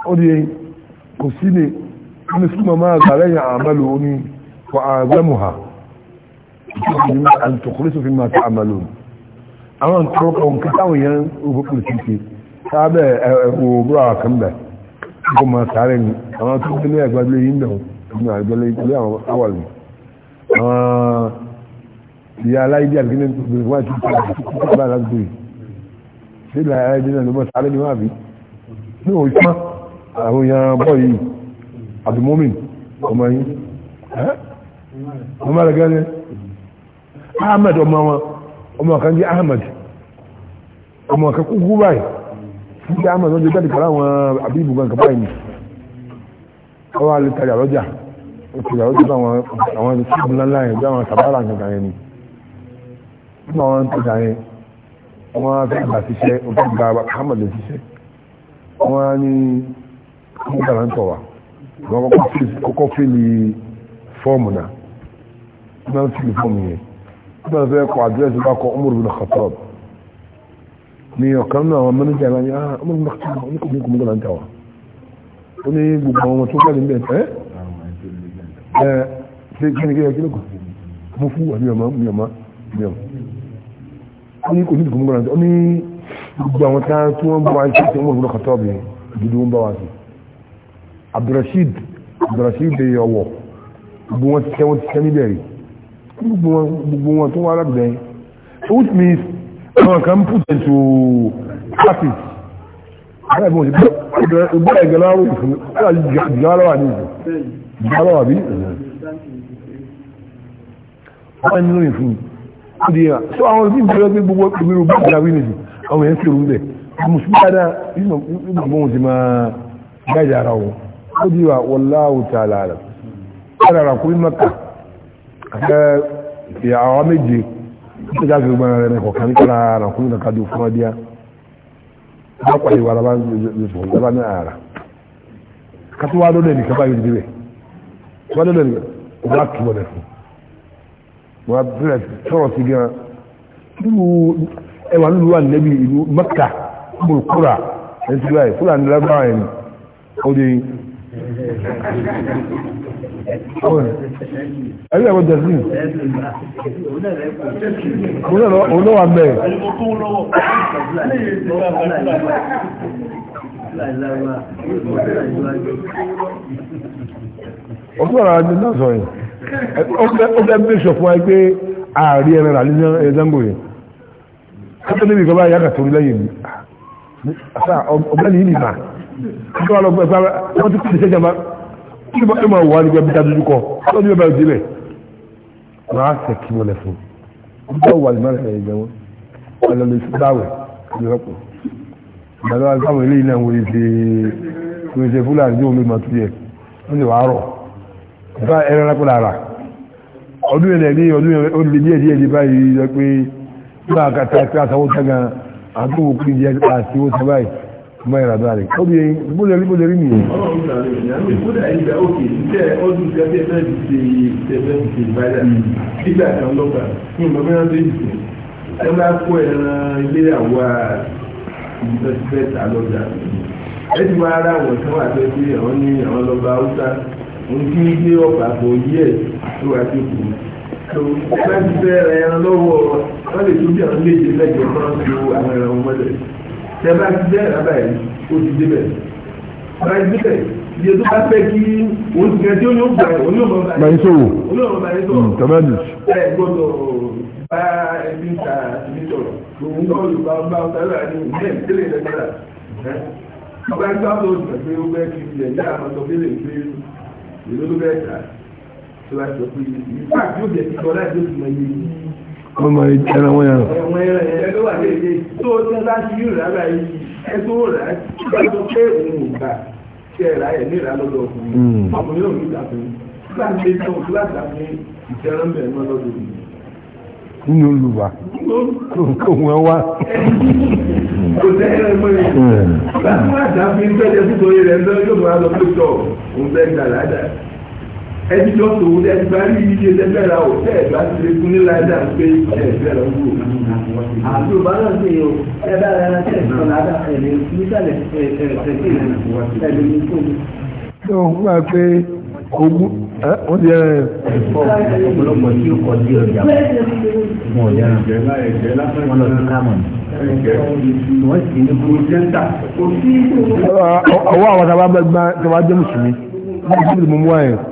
Speaker 1: ó di kò sí ni wọ́n ni súnmọ́ máa gbà lẹ́yìn àmàlù oní wà á ha أن تخلصوا فيما تعملون أما أن تركوا كتاويا وفقل سيسي تابع وبراء كمبا كما تعلم أما تقول لي أقبل لي إنه أما أقبل لي إنه أول أما يا لا يدي أركنا بالغوات تبع لك سيلا آجنا لما تعلم ما بي نو اسمع أهو يا بوي عبد المؤمن وما هي ها وما لقاني ahmed ọmọ wọn ọmọ kan jẹ́ ahmed ọmọ kan kúkú báyìí jẹ́ ahmed wọ́n jẹ́ jáde kàrá àwọn àbíbù gan kàbáyìí ni ọwọ́ alẹ́ tajà lọ́jà ìtajà lọ́jà bá àwọn àwọn síbi ńlá yẹn bí àwọn sàbárà kankan yẹn ni bí àwọn tajà yẹn wọ́n fẹ́ gbà ṣiṣẹ́ wọ́n fẹ́ gba ahmed ṣiṣẹ́ wọ́n á ní kí wọ́n kàrà ń tọ̀ wá wọ́n kọ́kọ́ fíìlì fọ́ọ̀mù náà wọ́n fíìlì fọ́ọ̀mù yẹn bẹ́ẹ̀ fẹ́ kọ àdírẹ́sì bá kọ Umar bin Khattab ní ọ̀kan náà wọn mẹ́nìjà ìwà ní ah Umar bin Khattab ní kò ní kò ní kò láńtà wa ó ní gbogbo àwọn tó fẹ́ níbẹ̀ ẹ́ ẹ́ ṣe kí ni kí ẹ kí ló kọ mo fún wa ní ọmọ mi ọmọ mi ó ní kò ní kò ní kò láńtà ó ní gbogbo àwọn tá tí wọ́n bá ṣe ṣe Abdulrasheed Abdulrasheed yẹ ọwọ́ gbogbo wọn tó wá lábẹ́ which means àwọn kan put into practice àwọn ẹ̀gbọ́n ti gbọ́ ẹ̀gẹ́ lọ́wọ́ ìfún ìjọ́lọ́wà ní ìfún ìjọ́lọ́wà bí wọ́n ń lóyìn fún ìdíyà so àwọn ìbí ìbẹ̀rẹ̀ pé gbogbo ìbẹ̀rẹ̀ bá ìjà wílì sí àwọn èèyàn sì rú mùsùlùmí dáadáa ìgbàgbọ́ wọn ti máa gájà ara wọn ó di wa wọláwù tààlà rẹ̀ ó dára kó ní mọ́ta kafẹ́ ìyàwó méje tó jáde gbogbo ara rẹ̀ kọ̀ọ̀kan ní kára ara kúrò náà kájú fún ọdíá wọ́n pàdé wà lábá lóṣùwọ̀n lábá ní ara kátó wá lóde nìkan báyìí lóde bẹ́ẹ̀ wá lóde nìkan wọ́n á túbọ̀ rẹ̀ fún wọ́n á bẹ̀rẹ̀ sọ̀rọ̀ sí gan nínú ẹwà nínú wà níbi ìlú mẹ́ta kúròkúrà ẹni tí wáyé fúlàní lábára ẹni ó dé
Speaker 2: ẹ̀rí ẹ̀wọ̀n jẹ̀sìn òun náà wà mẹ́ẹ̀ ọdún ọ̀rọ̀
Speaker 1: ajé náà sọ yìí ó fẹ́ bíṣọ̀ fún wa pé ààrí ẹran rà nínú ẹ̀zẹ́mbò yìí kátó níbi ìkọ́ bá yàgà tó lẹ́yìn mi ọgbẹ́ni yìí nìyà wọ́n ti kúrò sí ẹjọ́ kí ni bọ́ọ̀lù máa wà nígbà bí ká dojú kọ lọ́dún yóò bẹ̀rẹ̀ sílẹ̀ máa sẹ̀ kí wọlé fún un bí wọ́n wà nígbà rẹ̀ ẹ̀jẹ̀ wọn ọ̀lọ́ lè fi dáwẹ̀ lọ́pọ̀ ìgbàlọ́ àgbàwọ̀ eléyìí náà wọ́n ṣe wọ́n ṣe fúlàní yóò lè máa tú yẹ wọ́n lè wàá ìfá ẹran lápò lára ọdún yẹn ní ọdún yẹn lè díẹ̀ díẹ̀ báyìí lọ pé nígbà kàtà àti mọ́ ìrà dáre ó bí bólè rí bólè rí nìyẹn. ẹ̀sìn máa ra àwọn kan wà pé pé àwọn ní àwọn lọ́ba haúsá òun kí ní gbé ọ̀pá àpò yíẹ̀ tó wà sí kù tó bá ti fẹ́ ẹran lọ́wọ́ wọ́n lè tún bí àwọn méje lẹ́jọ́ máa ń lo àwọn ẹran wọn mọ́lẹ̀ tẹ́lá ti jẹ́ ẹ̀rábà yìí ó ti débẹ̀ ọ̀rá ti débẹ̀ iye tó bá fẹ́ kí oúnjẹ tí ó yóò gbà ó yóò máa bá yín sọ̀rọ̀ ó yóò máa bá yín sọ̀rọ̀ mm, tọ́mẹ́lì. ẹ gbọ́dọ̀ bá ẹbí ń ta ẹbí sọ̀rọ̀ náà yóò bá bá ọ̀tá lọ́wọ́ ní ilé ìdílé ìdẹ́gbẹ́ra ọba ń gbàgbọ́ òṣìṣẹ́ pé ó bẹ́ẹ̀ kiri ilẹ̀ yára máa sọ pé ìlú ló bẹ́ẹ̀ ta tó bá sọ pé ìfà yóò jẹ́ wọ́n máa ẹran wọ́n yàrá. Hmm. Nínú olùwà, kò wọ́n wá. Kò tẹ́ ẹ̀rẹ́ mọ́ ẹ̀. Láti máa dàbí ń tẹ́lẹ̀ fún torí rẹ̀ ń lọ́jọ́ máa lọ pé tọ̀, òun bẹ́ẹ̀ gbà ládàá ẹbí tó tó o lẹ́nu bá rí iye lẹ́gbẹ́ ra o tẹ́ ẹ̀ bá ti lè fún ní láìdá ń pé ẹ̀ bẹ́ẹ̀ lọ
Speaker 2: àti òbá náà ṣe o ẹ bá ara tẹ̀ sọ lára ẹ̀mí nísàlẹ̀ ẹ̀ẹ́dẹ̀gbẹ̀ ẹ̀mí ní fún ṣé o gbà pé ogún wọ́n ti yẹra ẹ̀. ọ̀pọ̀lọpọ̀ tí o kọ sí ọjà wọn ò yára wọn lọ sí kámọ̀ ni
Speaker 1: wọ́n sì ní kúrò jẹ́ńtà. ọwọ́ àwọn tàbá gbẹ́gbẹ́ tàbá jẹ́ mùsùlùmí wọ́n ti mú mú wáyé.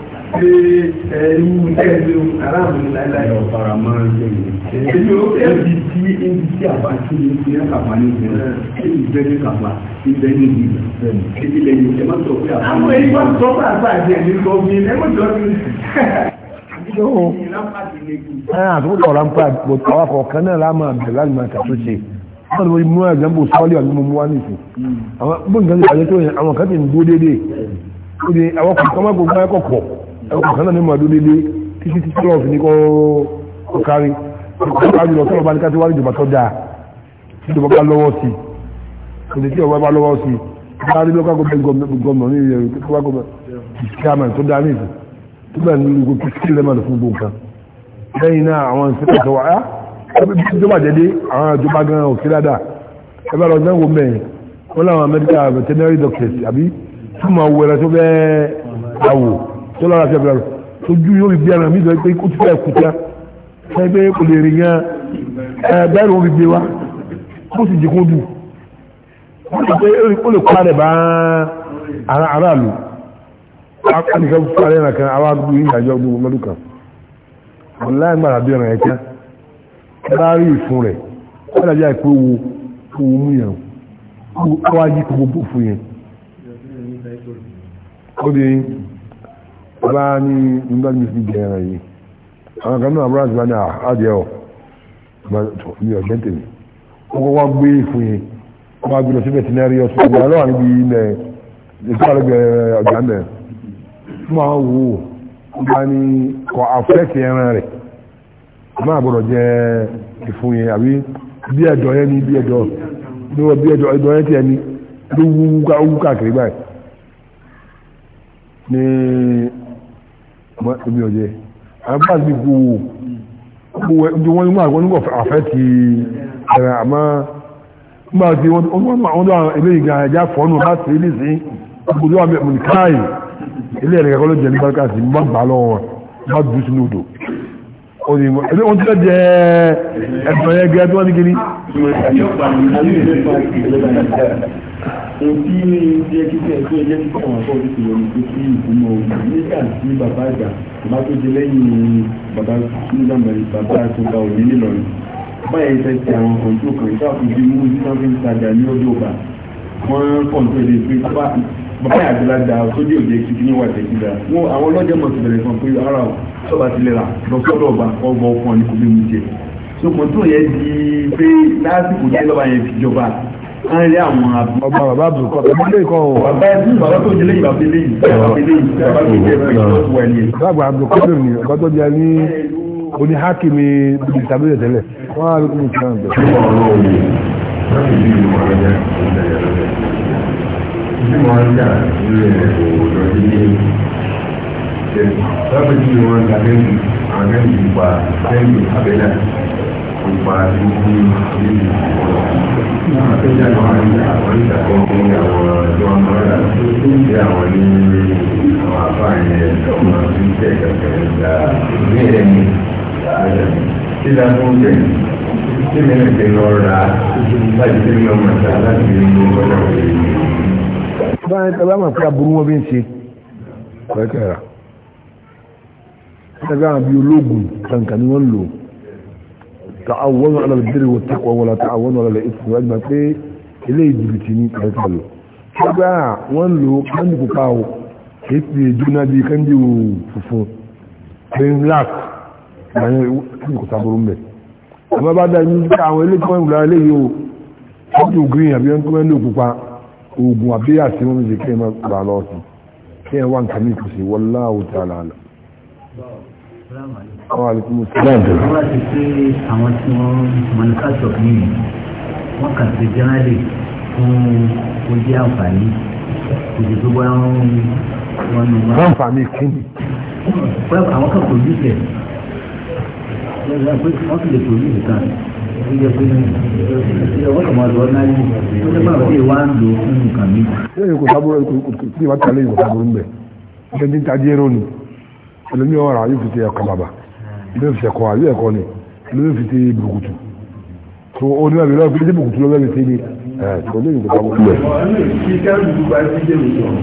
Speaker 1: pé
Speaker 2: ẹ̀rú ẹ̀rú aráàlú láìláì ọ̀fara máa ń jẹ́ ìlú. èyí ó ẹbí
Speaker 1: wọ́n mú ẹ̀gbẹ́mbò sọ́ọ́lì àti mímú wá nìsín àwọn gbọ́ǹkan ti tó yẹn àwọn kan ti ń dúró àwọn kọ̀ọ̀kan má gbogbo ẹ̀kọ́ ọ̀kan náà ní màá dúró délé títí tí tọ́lọ̀ fi ní kọ́ kárí kárí lọ tọ́lọ̀ bá ní ká ti wá ìjọba tó dáa tí ìjọba bá lọ́wọ́ sí kò ní tí ìjọba bá lọ́wọ́ sí kárí lọ́kà gọ́ọ̀mọ̀ ní ìyẹn tó wá gọ́ọ̀mọ̀ kìsìkàmà tó dáa ní ìfẹ́ tó bá ní ìlú kìsìkì lẹ́mà lọ fún gbogbo nǹkan lẹ́yìn náà àwọn ìṣẹ́kà tó lára fi ẹ̀bẹ̀rẹ̀ ojú yóò bí ara mi sọ pé ó ti fẹ́ kúta ẹ pé kò lè rìn yan ẹ bẹ́ẹ̀ ló ń gbé wa ó sì jìkún dù wọ́n ti pé ó lè kó rẹ̀ bá aráàlú anìkan fún ara ẹ̀ràn kan àwọn àdúgbò yìí àjọ gbogbo mọ́dún kan wọn láì gbàdá bí ọ̀ràn ẹ̀ka bá rí ìfun rẹ̀ wọ́n dàbí àìpé owó owó mú yẹn ó wá yí gbogbo fún yẹn bá ní nígbà tí mi jẹ ẹran yìí àwọn kan náà abúlé àtìbá ní àdìẹ ọ mi ò gbẹ́ntẹ̀ mi wọ́n kọ́ wá gbé ìfún yìí wọ́n á gbé lọ sí veterinary hospital ìgbà lọ́wọ́ níbi ilẹ̀ ìgbàlódé ọ̀gá mẹ́rin fún àwọn wò ó bá ní kọ àfẹ́kì ẹran rẹ̀ máa bọ̀rọ̀ jẹ́ ìfún yẹn àbí bí ẹ̀dọ̀ yẹn ní bí ẹ̀dọ̀ lọ́wọ́ bí ẹ̀dọ̀ yẹn ti ẹni ló wú káàkiri báyìí omi ọ̀jẹ́ alábàáṣe bí kú wọ́n ní wọ́n nígbà àfẹ́ ti ẹ̀rẹ̀ àmọ́ nígbà tí wọ́n dọ́ ilé ìgbà ẹja fọ́nù láti ilé sí gbogbo àmì ẹ̀mùnkáì ilé ẹ̀rẹ̀ kọ́lọ́ jẹ́ nípa káàsì má gbà lọ́wọ́ má dùn sínú odò ẹgbẹ́ wọn ti lọ jẹ ẹ̀sọ̀ yẹn gẹ́gẹ́ tí wọ́n ní kiri èyí ní jẹ́ kíkẹ́ tó yẹ kí kọ́ àwọn akọ́bí ti wọlé tó sí ìgbìmọ̀ ogun nígbà tí bàbá àgbà bá tó jẹ lẹ́yìn bàbá nígbà mẹ́rin bàbá tó gba òní nílọrin báyìí fẹ́ ti àwọn kan tó kàn ìṣá fún bí mú nígbà fi ń tajà ní ọjọ́ ọba wọ́n kàn tó lè pé bàbá àgbàlagbà tó dé òde kíkí ní wàjẹ́ kíkà wọn àwọn ọlọ́jẹ́ mọ̀ sí bẹ̀rẹ̀ kan pé ara sọ́ba ti lera lọ́sọ́dọ̀ ọba ọgbà ọkùnrin kò gbé mu jẹ so kò tó yẹ di pé lásìkò tí lọ́ba yẹn fi wọ́n rí àwọn àbúrò. ọba bàbá àbùkọ́ ọba ilé ìkọ́ o. bàbá bàbá tó jẹ́ lẹ́yìn bàbá ilé yìí bàbá ilé yìí bàbá tó jẹ́ ìfọwọ́ ẹni. bàbá àbùkọ́ tó ní ọba tó jẹ́ ní oní hákìmì ìsàbílẹ̀ tẹ́lẹ̀ wọ́n á rí kí mo ti rán bẹ̀.
Speaker 2: láti bí wọn ń ta lẹ́yìn àwọn lẹ́yìn ìgbà lẹ́yìn abẹ́lẹ́ nípa níbi níbi ìwọ̀n tó jẹ́ àwọn àwọn ìṣàkó ní àwọn ọjọ́ ọmọdé tí àwọn ní àwọn àfáàní ọmọ tí ń tẹ̀ kẹ̀kẹ́ ńlá ní ẹni tí lábọ́ ń tẹ̀ tí mi lè fi lọ ra láti fi lọ mọ̀ sá láti fi lọ mọ̀ náà lè ní.
Speaker 1: báyìí tẹ́lá máa fi aburú wọn bí ń ṣe kọ́ẹ́kẹ́ rà. ẹgbẹ́ àwọn bíi ológun kankan ni wọ́n ń lò ó. تعاونوا على البر والتقوى ولا تعاونوا على الاثم واجمع ايه eléyìí jìbìtì ní kẹta lọ ṣọgbà wọn lò kánjú pupa o kìí ti jóná bíi kánjú funfun green black ìgbàyẹn kí kò sábúrú mbẹ àmọ́ bá dáa ní ká àwọn eléyìí wọn wùlọ eléyìí o kánjú green àbí wọn kọ́ ẹ̀ ní òpupa oògùn àbí àti wọn ṣe kí ẹ má gbà Àwọn àlùkù sílẹ̀. Wọ́n ti pé
Speaker 2: àwọn tí wọ́n manufacture ní ìlú, wọ́n kà sí jẹ́nẹ́lì fún ojú àǹfààní.
Speaker 1: Òjò tó bá ń wọ́n nu wọn. Àǹfààní kíni? Pẹ́ẹ́pù àwọn kan kò jù tẹ̀. Wọ́n ti lè kò jù nìkan. Ilé pé wọ́n kàn máa lọ náà yìí. Wọ́n lè máa fi wá ń lò fún nǹkan mi. Ṣé èyí kò sábúrò kò tí ì wá tẹ̀lé ìwọ̀n sábúrò ń bẹ̀? Ṣé ní tají ẹ̀rọ ni? ẹlòmí ọ̀rà yóò fi ti ẹ̀kọ́ bàbà yóò fi ẹ̀kọ́ àbí ẹ̀kọ́ ni yóò fi ti burúkutu tó o ní àbí lọ́wọ́ pé burúkutu lọ́wọ́ fi ti ní ẹ̀ tó ní ìgbà wọn lẹ̀. kí káàdùn bá ti dé ìtàn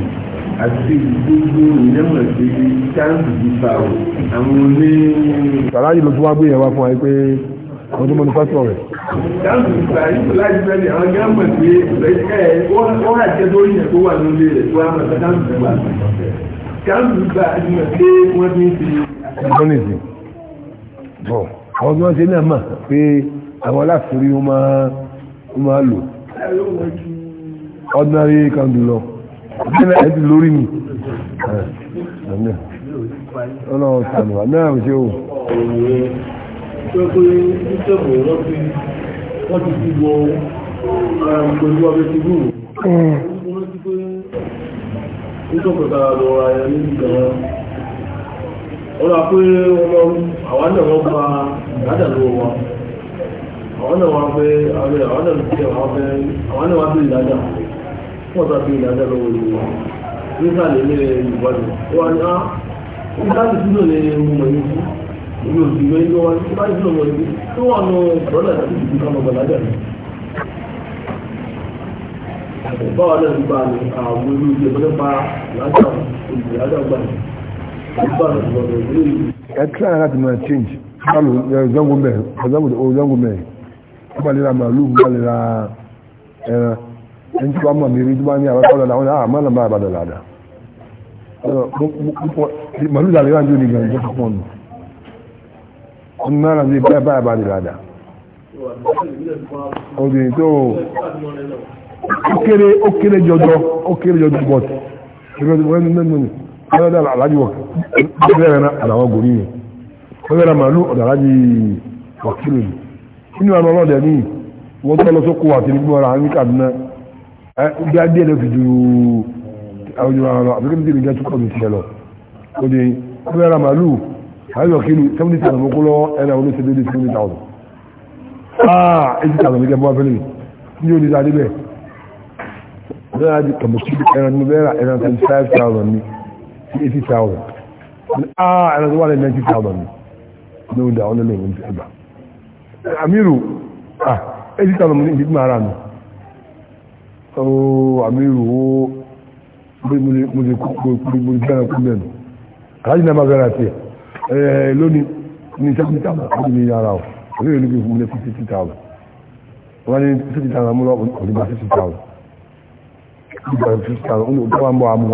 Speaker 1: àti gbogbo ìlẹ́wọ̀n ti káàdùn ti fa o àwọn oní. sàrá yìí ló tún wá gbé yẹn wá fún wa pé wọ́n tún mọ ní pásítọ̀ rẹ̀. káàdùn ìgbà yìí láti bẹ́ẹ̀ àwọn gáàmù pé ẹ̀ káàmù gbà ìmọ̀ pé wọ́n àwọn tí ṣe náà mà pé àwọn aláfúrí wọn máa lò ordinary candle lọ ọ̀gbẹ́nà ẹ̀dì lórí mi ọlọ́run sànùwà náà ṣe o
Speaker 2: Mm nítòkòtà lọ́ra ẹ̀ níbi gan-an wọ́n lọ pé wọ́n àwọn náà wọ́n gba ìdádàlú wọn àwọn náà wọ́n pé àwọn náà pé àwọn fẹ́ àwọn náà wọ́n pé ìdájà wọ́n sá pé ìdájà lọ́wọ́ ìlú wọn nígbà lè lé ìwádìí wọ́n ní á ìdájì sílò ní ọmọ yìí ìlú òsì ìwé ìjọba ìbáyìí sílò ọmọ yìí tó wà nù bọ́lá ìdájì ìdíkà mọ̀ báwa náà ń gbà ní àwọn olú ilé ọmọ nípa ìyájà ìyájà ní ìgbà ìgbọ̀nà ìlú ìlú.
Speaker 1: ẹ tíra láti máa change báwo zango mẹ́rin zango zango mẹ́rin wọ́n bá lè ra màálù wọ́n bá lè ra ẹran ẹni tí wọ́n mọ̀ mí rí tí wọ́n ní àwọn ọ̀dọ́ làwọn náà ah, àmọ́ làmọ́ àbàdàn làdà màálù làlẹ́ wà ní òní gan ìjọba fún ọ̀nà ọ̀nà náà làwọn báyà báyà bá lè làdà. obìnrin ó kéré ó kéré jọjọ ó kéré jọjọ bọ́t ìrọ̀lẹ́ nínú ọ̀dọ̀ aláàjì wọ̀kẹ́rẹ́ náà àdàwọ̀ gòrí yẹn ọ̀dọ̀ màálù ọ̀dọ̀ aláàjì wọ̀kẹ́rẹ́ ni inú àwọn ọlọ́dẹ ní wọ́n tọ́ lọ sóko àti nígbà ara ní Kaduna ẹ bí adé lè fi ju àwọn ìjọba lọ àbíkẹ́ ní tèmi jẹ́tú kọ́ọ̀dù tiẹ̀ lọ ó di ọ̀dọ̀ màálù aláàjì wọ̀kẹ́rẹ́ seventy thousand mọ́kó lọ ẹ̀rọ àwọn olóṣèlú seventy thousand ah eighty thousand ní kẹ́ bọ́ abẹ́lẹ̀ ní yóò di ta débẹ̀ náà di kàmùsùlù ẹran ní bẹ́ẹ̀rẹ̀ ẹran 25,000 ní 80,000 ah ẹran tó wà ní 90,000 ní ó dá ọ́nà lè wọ́n ti ẹgbà amiru ah 80,000 ní ìdí mara mi ooo amiru ó bí mo lè kúrò mo lè gbẹ́rẹ̀ kú mẹ́nu aláàjì náà máa bẹ̀rẹ̀ àti ẹ̀ lónìí ní 70,000 ó ní yàrá o olóyè olóyè fún mi ní 50,000 wọ́n ní 50,000 mú lọ́wọ́ ọ̀dùnmá 50,000 ìgbà ìfìsà olùkọ́wà mọ́ àmú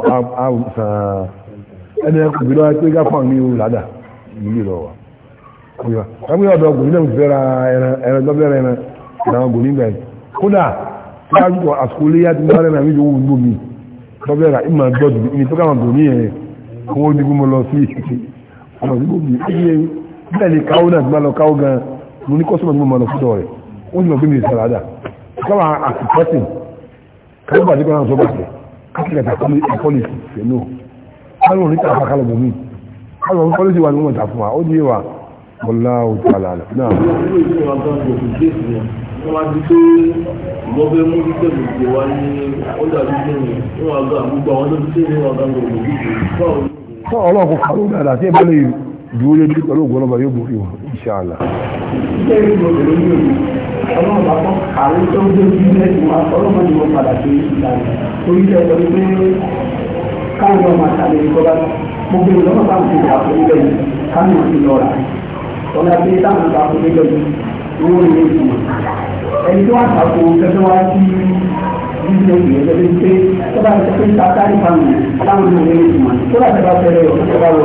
Speaker 1: àwùsàn ẹni ẹkùn bí lọ́wọ́ pé gáfà ní ìlú ládà ìlú lọ wà ẹgbẹ́ ọ̀dọ̀ ọgùn nílẹ̀ fẹ́ra ẹran lọ́bẹ̀rẹ̀ ẹran ìlànà ọgùn nígbà yìí kódà láàrúkọ àsìkò léyà tí wọ́n rẹ̀ níjọ owó gbòmí lọ́bẹ̀rẹ̀ ìmọ̀ dọ́dù ní tó káwọn gbòmí ẹ̀ owó ní gbòmọ lọ sí ìṣẹ́ ọ̀nà tí gbòmí ẹ̀ bẹ́ẹ̀ ni káwó náà ti máa lọ káwó gan mo ní kọ́sọ́mọ̀ tí mo máa lọ fúdọ̀ rẹ̀ ó sì lọ gbé mi ìsàládà káwọn àti pẹ́sìn kàlùbà nígbà náà sọ bàtẹ̀ kátìlẹ̀ tàkọ́lì ìpọ́lìsì fẹ̀nù kálùbà níta àfàkálẹ̀ bòmí kálùbà pọ́lìsì wà ní wọn tà fún wa ó ní wa bọ́lá òtàlà náà.
Speaker 2: wọ́n
Speaker 1: máa ti pé ìgbọ́fẹ́ dúró lé pẹ̀lú ògbọ́n ọba yóò borí wọn ìṣàlà.
Speaker 2: iṣẹ́ ìlú ọ̀dọ̀ ló ní òní ọlọ́run bá kọ́ àwọn tó ń gbé bílẹ̀ tí wọn ọlọ́run ni wọ́n padà sí ìlànà torí iṣẹ́ ìjọ pé káwọn ọmọ àtàlẹ́ ìjọba gbogbo ìlọ́mọ táwọn ti rà fún ilẹ̀ yìí káwọn ti lọ rà ọ̀nà pé táwọn ta fún ilẹ̀ yìí owó ilé ìgbìmọ̀ ẹni tó wà tako bá ti pé tó bá ti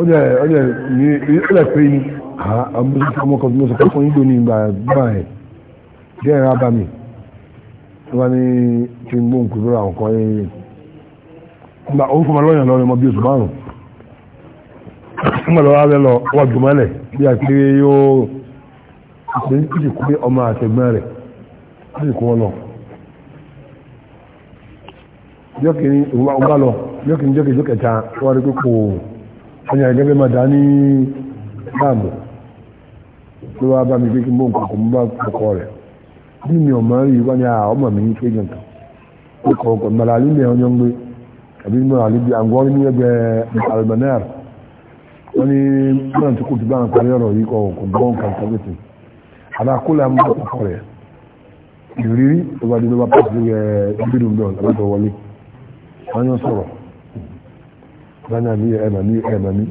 Speaker 1: ọjọ́ ilẹ̀ pé ní ọmọkọ̀ tó fún ìdó ní ìgbà ẹ̀ jẹ́ ẹ̀rọ bá ní kí n gbóhùn lọ́yàn ọmọ oṣù márùn nígbà lọ́wọ́ abẹ́ lọ wọ́n bí yóò ṣe ń kú ọmọ àtẹ̀gbọ́n rẹ̀ kú wọn lọ bá lọ wọ́n rí pé kò ẹni àgẹ́gẹ́ máa dá ní dáàmù ló wá bá mi pé kí mọ́ nǹkan kò mú bá kọ̀kọ́ rẹ̀ bí mi ọ̀mọ́ yìí wá ní àwọn ọmọ mi ní kéjì nǹkan ó kọ̀ ọ̀pọ̀ màlàlú ní ẹ̀yọ́ ń gbé àbí màlàlú bí àgọ́ ní ẹgbẹ́ almanar wọ́n ní mọ́nà tó kù ti bá ń parí ọ̀rọ̀ yìí kọ̀ kò gbọ́ nǹkan kan lóṣù àdàkúlẹ̀ mú kọ̀kọ́ rẹ̀ ìrírí tó bá dé ló bá pàṣẹ lánàá mi ẹ màmí ẹ màmí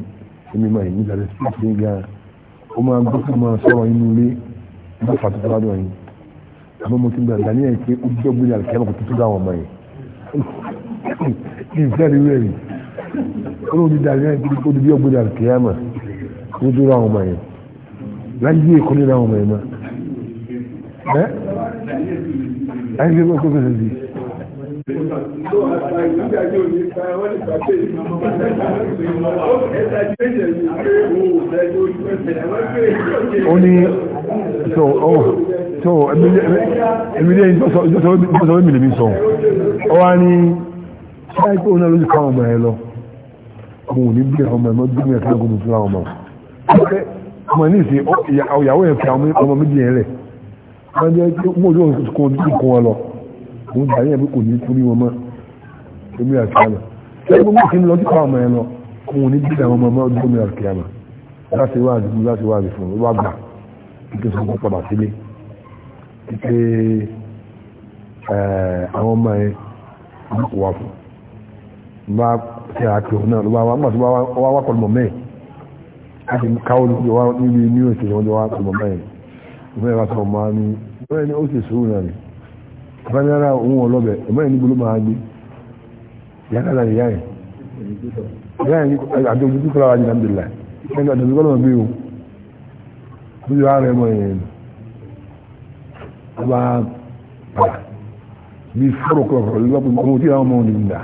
Speaker 1: èmi máa yìí ìdàrẹ́ sí ìpín gan ó máa gbọ́ fún máa sọ̀rọ̀ inú ilé bá fàtó tó bá àmọ́ mo ti gbà dání ẹ̀ pé ó jọ́ gbélé àlùkẹ́ ẹ̀mọ́ kò tó ọmọ yìí ìfẹ́ rí rẹ̀ rí ó lóun dàrí náà pé ó dúdú ọgbélé àlùkẹ́ ẹ̀mọ́ kò tó dáwọn ọmọ yìí láyé èkó ní dáwọn ọmọ yìí mọ́ ẹ́ láyé èkó ní dáwọn ọmọ yìí
Speaker 2: ó ní so oh
Speaker 1: so emile ìjọsọ emile mi sọ ọ wá ní ṣáìpé ó náà lójú káwọn ọmọ ẹ lọ ọmọ òní bí ọmọ ẹmọ bí mẹ́ta gómìnà tó láwọn ọmọ ọmọ ní ìsìn ìyàwó ẹ̀ ọmọ méjì yẹn wọ́n jẹ́ mú ojú òkun wọn lọ mo gbà yẹn pé kò ní torí wọn mọ́ èmi àkíyàmà ṣé gbogbo ìṣẹ́ mi lọ sípa ọmọ yẹn lọ kò wọ́n ní gbígbà wọn mọ́ ọdún mi àkíyàmà láti wá àdúgbò láti wá àdúgbò fún wa gbà kíkẹ́ sọ fún padà sílé kíkẹ́ eh, àwọn ọmọ yẹn ní kò wá fún bá ṣe àkíyàn náà ló bá wá nígbà tó wá wá pọ̀lùmọ̀ mẹ́ẹ̀ láti káwọ́ níbi ní òṣèlú wọn jọ wá pọ̀lùmọ̀ mẹ́ẹ̀ ìfẹ́ ìwà sọ̀rọ̀ máa ní bẹ́ẹ̀ ni ó sì sùúrù náà ni abájára òun ọlọ́bẹ̀ ẹ̀mọ́ ẹ̀ níbo ló máa gbé yàtàlá ìyá ẹ̀ ìyá ẹ̀ àjọyọ̀ tó kọ́ra wájú nàbìlá ẹni àjọyọ̀ kọ́ra wọ́n bí o lójú ara ẹ̀mọ́ ẹ̀ ẹ̀ bá padà bí fọ́rọ̀ kọ́rọ̀ lọ́pọ̀ ọmọ tí àwọn ọmọ òní ń dà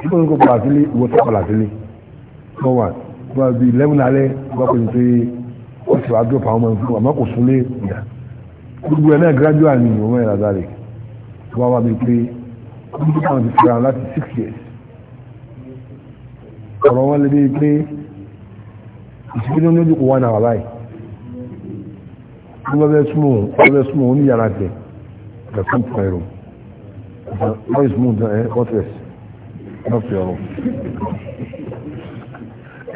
Speaker 1: nípa ní kò padà sílé ìwọ tó padà sílé tó wà tó wà bí lẹ́mùn alẹ́ wá dúró pa ọmọ ìfún àmọ́ kò súnlé gbogbo ẹ̀ náà graduate ni ìwọ̀n ẹ̀rọ tó wá wá mi pé wọ́n ti kàn ti fẹ́ra láti six years ọ̀rọ̀ wọn lè ní pé ìṣẹ́jú ní ojú kò wá náà báyìí wọ́n bẹ́ẹ̀ súnmọ́ wọ́n bẹ́ẹ̀ súnmọ́ wọ́n ní yàrá tẹ̀ ẹ̀ fún fún ẹ̀rọ wọ́n yìí súnmọ́ ẹ̀ ọ́tẹ̀s náà fi ọ̀rọ̀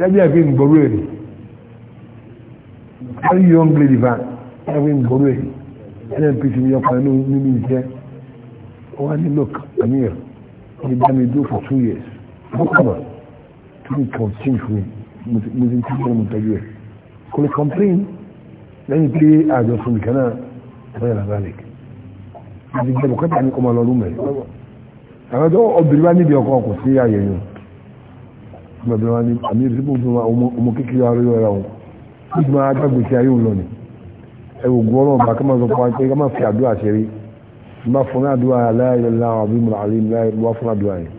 Speaker 1: ẹ̀ bí àgbẹ̀ ìgbọ̀rú èrè very young lady van ẹ̀ bí ìgbọ̀rú èrè nnpc ní ọkọ̀ ẹ̀ ní ìjẹ́ wọ́n ní look Amir ní dámi dúró for two years wọ́n kọ́mà tí mi kàn sí fún mi mo ti ń tí mo tọ́jú ẹ̀ kò lè complain Then pé play fún mi kanáà wọ́n yàrá balẹ̀ mo ti gbẹ́ bọ̀ kọ́tà ní ọmọ lọ́rùn mẹ́ àwọn tó obìnrin wa níbi ọkọ kò sí ààyè yẹn ọmọ obìnrin wa ní Amir sí gbogbo ọmọ kékeré wa lórí ọ̀rọ̀ wọn ó ti máa dágbèsè ayé òun lọ ni ẹ̀wò gbọ́ ọlọ́ọ̀bà kí wọ́n sọ fún wa pé ká má fi àdúrà ṣeré bá fún àdúrà aláìlélá àbímọ̀ àlèmí wá fún àdúrà yìí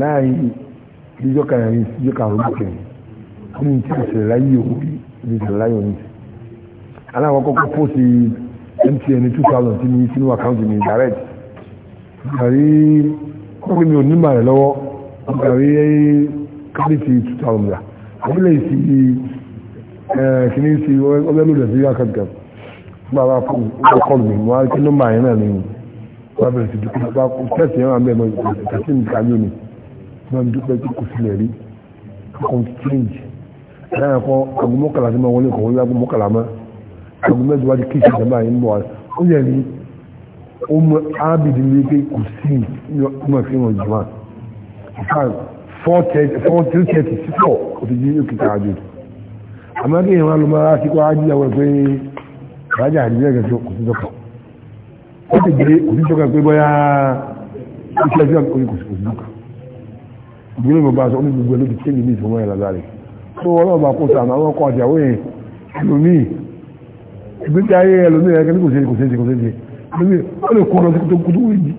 Speaker 1: láì díjọ́ kàrin síjọ́ kàrin kẹrin ó ní tí ìṣẹ̀lẹ̀ láyé òun ní ìṣẹ̀lẹ̀ láyé òun ti aláwọ̀ kọ́kọ́ fóòsì MTN 2000 tí mi sínú àkáǹtì mi direct gàrí kọ́kọ́ mi ò nímọ̀ rẹ̀ lọ́wọ́ gàrí kárìtì 2000 rà wọ́n lè sí kìíní sí ọgbẹ́ lòdì sí àkáǹtì kẹrin bàbá fún ọkọlù mi wọ́n á kí nọ́mbà yẹn náà nìyí wọ́n bẹ̀rẹ̀ sí dúpẹ́ bá kú tẹ́sí yẹn wà ń bẹ̀ mọ́ ìtàkì nìkan yóò ní wọ́n dúpẹ́ tí kò sílẹ̀ rí kò ń change ẹ̀yà kọ́ agun mọ́kànlá sí máa wọlé kọ̀ wọlé agun mọ́kànlá mọ́ agun mẹ́jọ wá kí ìṣẹ̀lẹ̀ máa ń bọ̀ wá ó yẹ ní ó mọ ní pé kò sí ọmọ ìfihàn ìjọba ìfà four thirty kò rájà àdìjẹ́ ìgbẹ̀sọ kò sí dọ́kọ̀ ó ti gbé kò sí dọ́kọ̀ pé bọ́yá iṣẹ́ ìṣẹ́ òní kò sí kò sí dọ́kọ̀ ìgbélé mi bá sọ ní gbogbo ló ti ké mi ní ìfowó ẹ̀ lágbára tó ọlọ́ọ̀bà kó sàn àwọn ọkọ̀ àjàwó yẹn ẹlòmíì ìgbésí ayé ẹlòmíì ẹgbẹ́ kò sí kò sí kò sí ẹlòmíì ó lè kó lọ sí kótó kótó wíjì.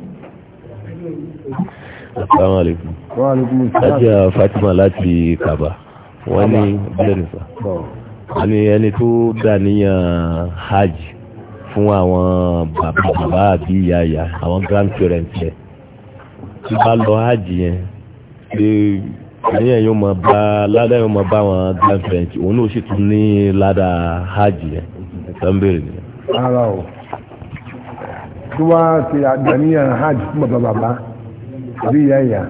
Speaker 2: Assalamu alaikum.
Speaker 1: Wa alaikum Ajá
Speaker 2: Fatima láti Kaba. Wọ́n ní bẹ́ẹ̀ nìfà àní ẹni tó dà níyàn hajj fún àwọn bàbá bàbá àbí ìyá ìyá àwọn grandparents yẹn
Speaker 1: tí bá lọ hajj yẹn ṣe àníyàn yóò máa bá ládàá yóò máa bá àwọn grandparents òun náà sì tún ní ládàá hajj yẹn tó ń béèrè nìyẹn. ara o tí wọ́n á ṣe àdàníyàn hajj fún bàbá bàbá àbí ìyá ìyá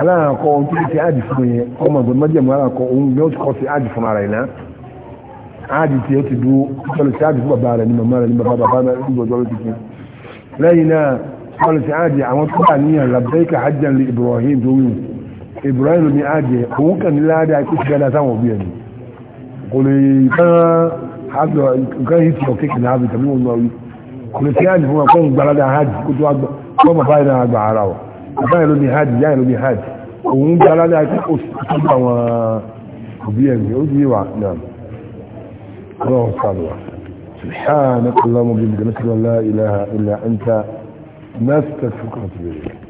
Speaker 1: aláàkọ ohun tí kìí ṣe hajj fún yẹn ọmọ ìgbọ̀n mọ́jẹ̀mú aláàkọ ohun yóò kọ́ sí hajj fún ara yẹn náà áàdì tí ó ti dúró ìjọlù sí áàdì fún bàbá rẹ̀ ní màmá rẹ̀ ní bàbá bàbá rẹ̀ ní ọjọ́ lójú lẹ́yìn náà ìjọlù sí áàdì àwọn tó wà níyàn labẹ́ẹ̀kà hajjan lè Ibrahim tó wù Ibrahim ní áàdì òun kàn ní ládàá ikú ti dáadáa sáwọn òbí ẹni kò lè tán àgbà nǹkan yìí ti ọ̀kẹ́kẹ́ náà bì tàbí wọn náà wí kò lè sí áàdì fún wa kọ́ńgbà ládàá áàdì kó tó àgbà kọ́ bàbá yìí náà àgbà ara wa bàbá yìí ló ní áàdì yáà ló ní áàdì òun gbà ládàá ikú tó àgbà àwọn òbí ẹni ó ti wà náà الله صلوة سبحانك اللهم وبحمدك نشهد ان لا اله الا انت نستغفرك ونتوب اليك